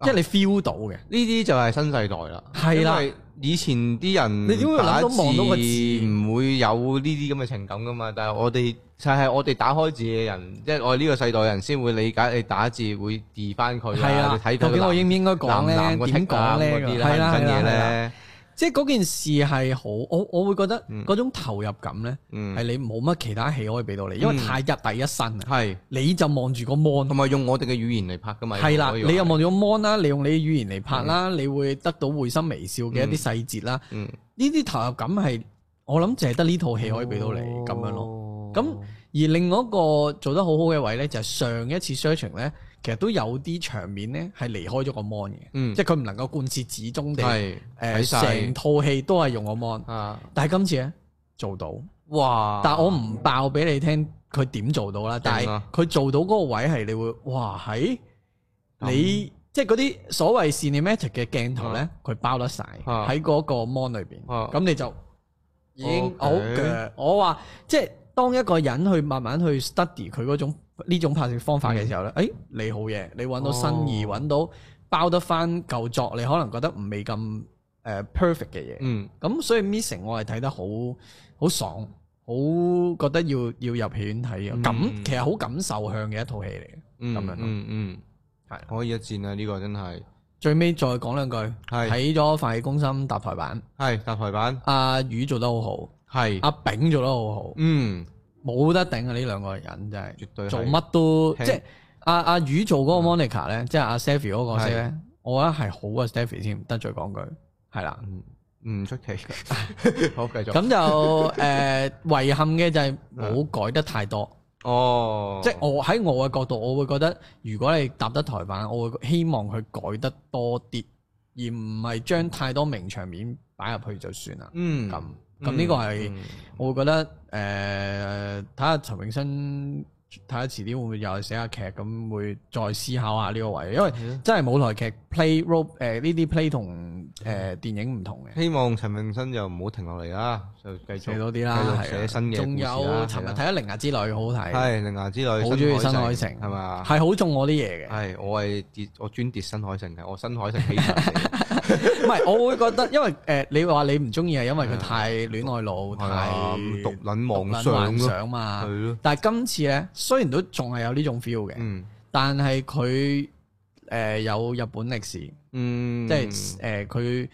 即係你 feel 到嘅。呢啲就係新世代啦。係啦，以前啲人你點會諗到望到個字唔會有呢啲咁嘅情感㗎嘛？但係我哋就係我哋打開字嘅人，即係我哋呢個世代人先會理解你打字會 de 翻佢啦。睇緊我應唔應該講咧？點講咧？係啦，係啦。即係嗰件事係好，我我會覺得嗰種投入感呢，係、嗯、你冇乜其他戲可以俾到你，因為太入第一身啊！嗯、你就望住個 mon，同埋用我哋嘅語言嚟拍噶嘛。係啦的，你又望住個 mon 啦，你用你嘅語言嚟拍啦，嗯、你會得到會心微笑嘅一啲細節啦。呢啲、嗯嗯、投入感係我諗淨係得呢套戲可以俾到你咁、哦、樣咯。咁而另外一個做得好好嘅位呢，就係、是、上一次 searching 咧。其實都有啲場面咧，係離開咗個 mon 嘅，即係佢唔能夠貫徹始終地誒成套戲都係用個 mon，但係今次咧做到，哇！但係我唔爆俾你聽佢點做到啦，但係佢做到嗰個位係你會哇喺你即係嗰啲所謂 cinematic 嘅鏡頭咧，佢包得晒喺嗰個 mon 裏邊，咁你就已經好我話即係當一個人去慢慢去 study 佢嗰種。呢種拍攝方法嘅時候咧，誒你好嘢，你揾到新意，揾到包得翻舊作，你可能覺得唔未咁誒 perfect 嘅嘢。嗯，咁所以 missing 我係睇得好好爽，好覺得要要入戲院睇嘅。感其實好感受向嘅一套戲嚟嘅。嗯嗯嗯，係可以一戰啊！呢個真係最尾再講兩句。係睇咗《飯戲攻心》搭台版。係搭台版。阿宇做得好好。係。阿炳做得好好。嗯。冇得頂啊！呢兩個人真係，絕對做乜都聽，即係阿阿宇做嗰 Mon、嗯啊嗰個 Monica 咧，即係阿 Safi 嗰個角色咧，我覺得係好啊 Safi e 先。唔、嗯、得罪講句，係啦，唔唔、嗯、出奇。 好，繼續。咁就誒遺憾嘅就係冇改得太多。哦，嗯、即係我喺我嘅角度，我會覺得如果你搭得台版，我會希望佢改得多啲，而唔係將太多名場面擺入去就算啦。嗯，咁。咁呢個係，嗯嗯、我會覺得誒，睇、呃、下陳永生睇下遲啲會唔會又寫下劇，咁會再思考下呢個位，因為真係舞台劇 play role 誒、呃、呢啲 play 同誒、呃、電影唔同嘅。希望陳永生就唔好停落嚟啦，就繼續寫多啲啦，繼續寫新嘢。仲有尋日睇咗《鈴芽之旅》了好睇看。係《鈴芽之旅》好中意《新海誠》是是，係嘛？係好中我啲嘢嘅。係我係跌，我專跌新海誠嘅，我新海誠喜劇。 唔係， 我會覺得，因為誒、呃，你話你唔中意係因為佢太戀愛腦，哎、呀太啊，獨撚妄想嘛。係咯。了但係今次咧，雖然都仲係有呢種 feel 嘅，嗯、但係佢誒有日本歷史，嗯，即係誒佢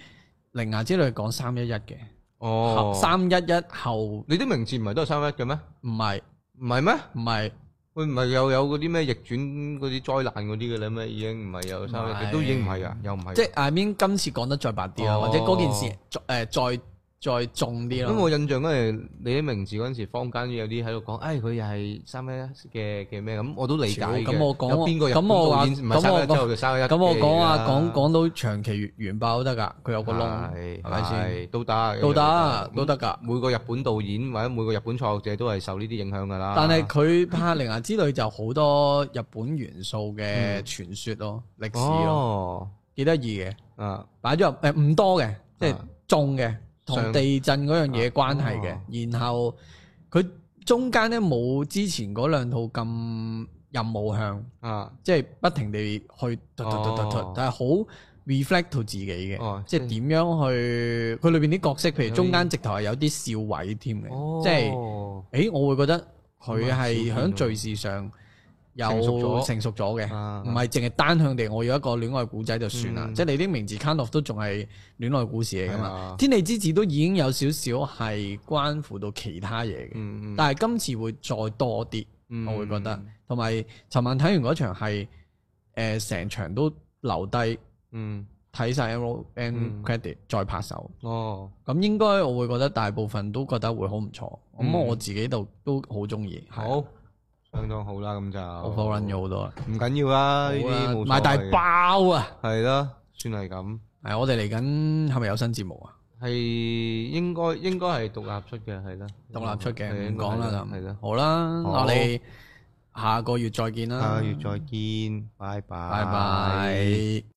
鈴芽之旅講三一一嘅，哦，三一一後，你啲名字唔係都係三一嘅咩？唔係是，唔係咩？唔係。佢唔係又有嗰啲咩逆轉嗰啲災難嗰啲嘅咧，已經唔係有三，不是都已經唔係噶，又唔係。即係阿 m 今次講得再白啲啊，哦、或者嗰件事再。呃再再重啲啦。咁我印象嗰陣，你啲名字嗰陣時，坊間有啲喺度講，誒佢又係三 A S 嘅嘅咩，咁我都理解嘅。咁我講，咁我話，咁我講啊，講講到長期完爆都得㗎。佢有個窿，係咪先都得？都得都得㗎。每個日本導演或者每個日本創作者都係受呢啲影響㗎啦。但係佢帕靈啊之類就好多日本元素嘅傳說咯，歷史咯幾得意嘅。啊擺咗入誒唔多嘅，即係中嘅。同地震嗰樣嘢關係嘅，哦、然後佢中間咧冇之前嗰兩套咁任務向，啊，即係不停地去突突突突突，哦、但係好 reflect 到自己嘅，即係點樣去佢裏邊啲角色，譬如中間直頭係有啲笑位添嘅，即係、哦，誒、即係欸，我會覺得佢係響敘事上。有成熟咗嘅，唔係淨係單向地，我要一個戀愛古仔就算啦。即係你啲名字 kind of 都仲係戀愛故事嚟噶嘛？天地之子都已經有少少係關乎到其他嘢嘅，但係今次會再多啲，我會覺得。同埋尋晚睇完嗰場係，誒，成場都留低，嗯，睇晒 end credit 再拍手。哦，咁應該我會覺得大部分都覺得會好唔錯。咁我自己就都好中意。好。相當好啦，咁就我 fallin 咗好多，唔緊要啦，呢啲買大包啊，係咯，算係咁。係我哋嚟緊係咪有新節目啊？係應該應該係獨立出嘅，係咯，獨立出嘅唔講啦，咁好啦，我哋下個月再見啦，下個月再見，拜拜，拜拜。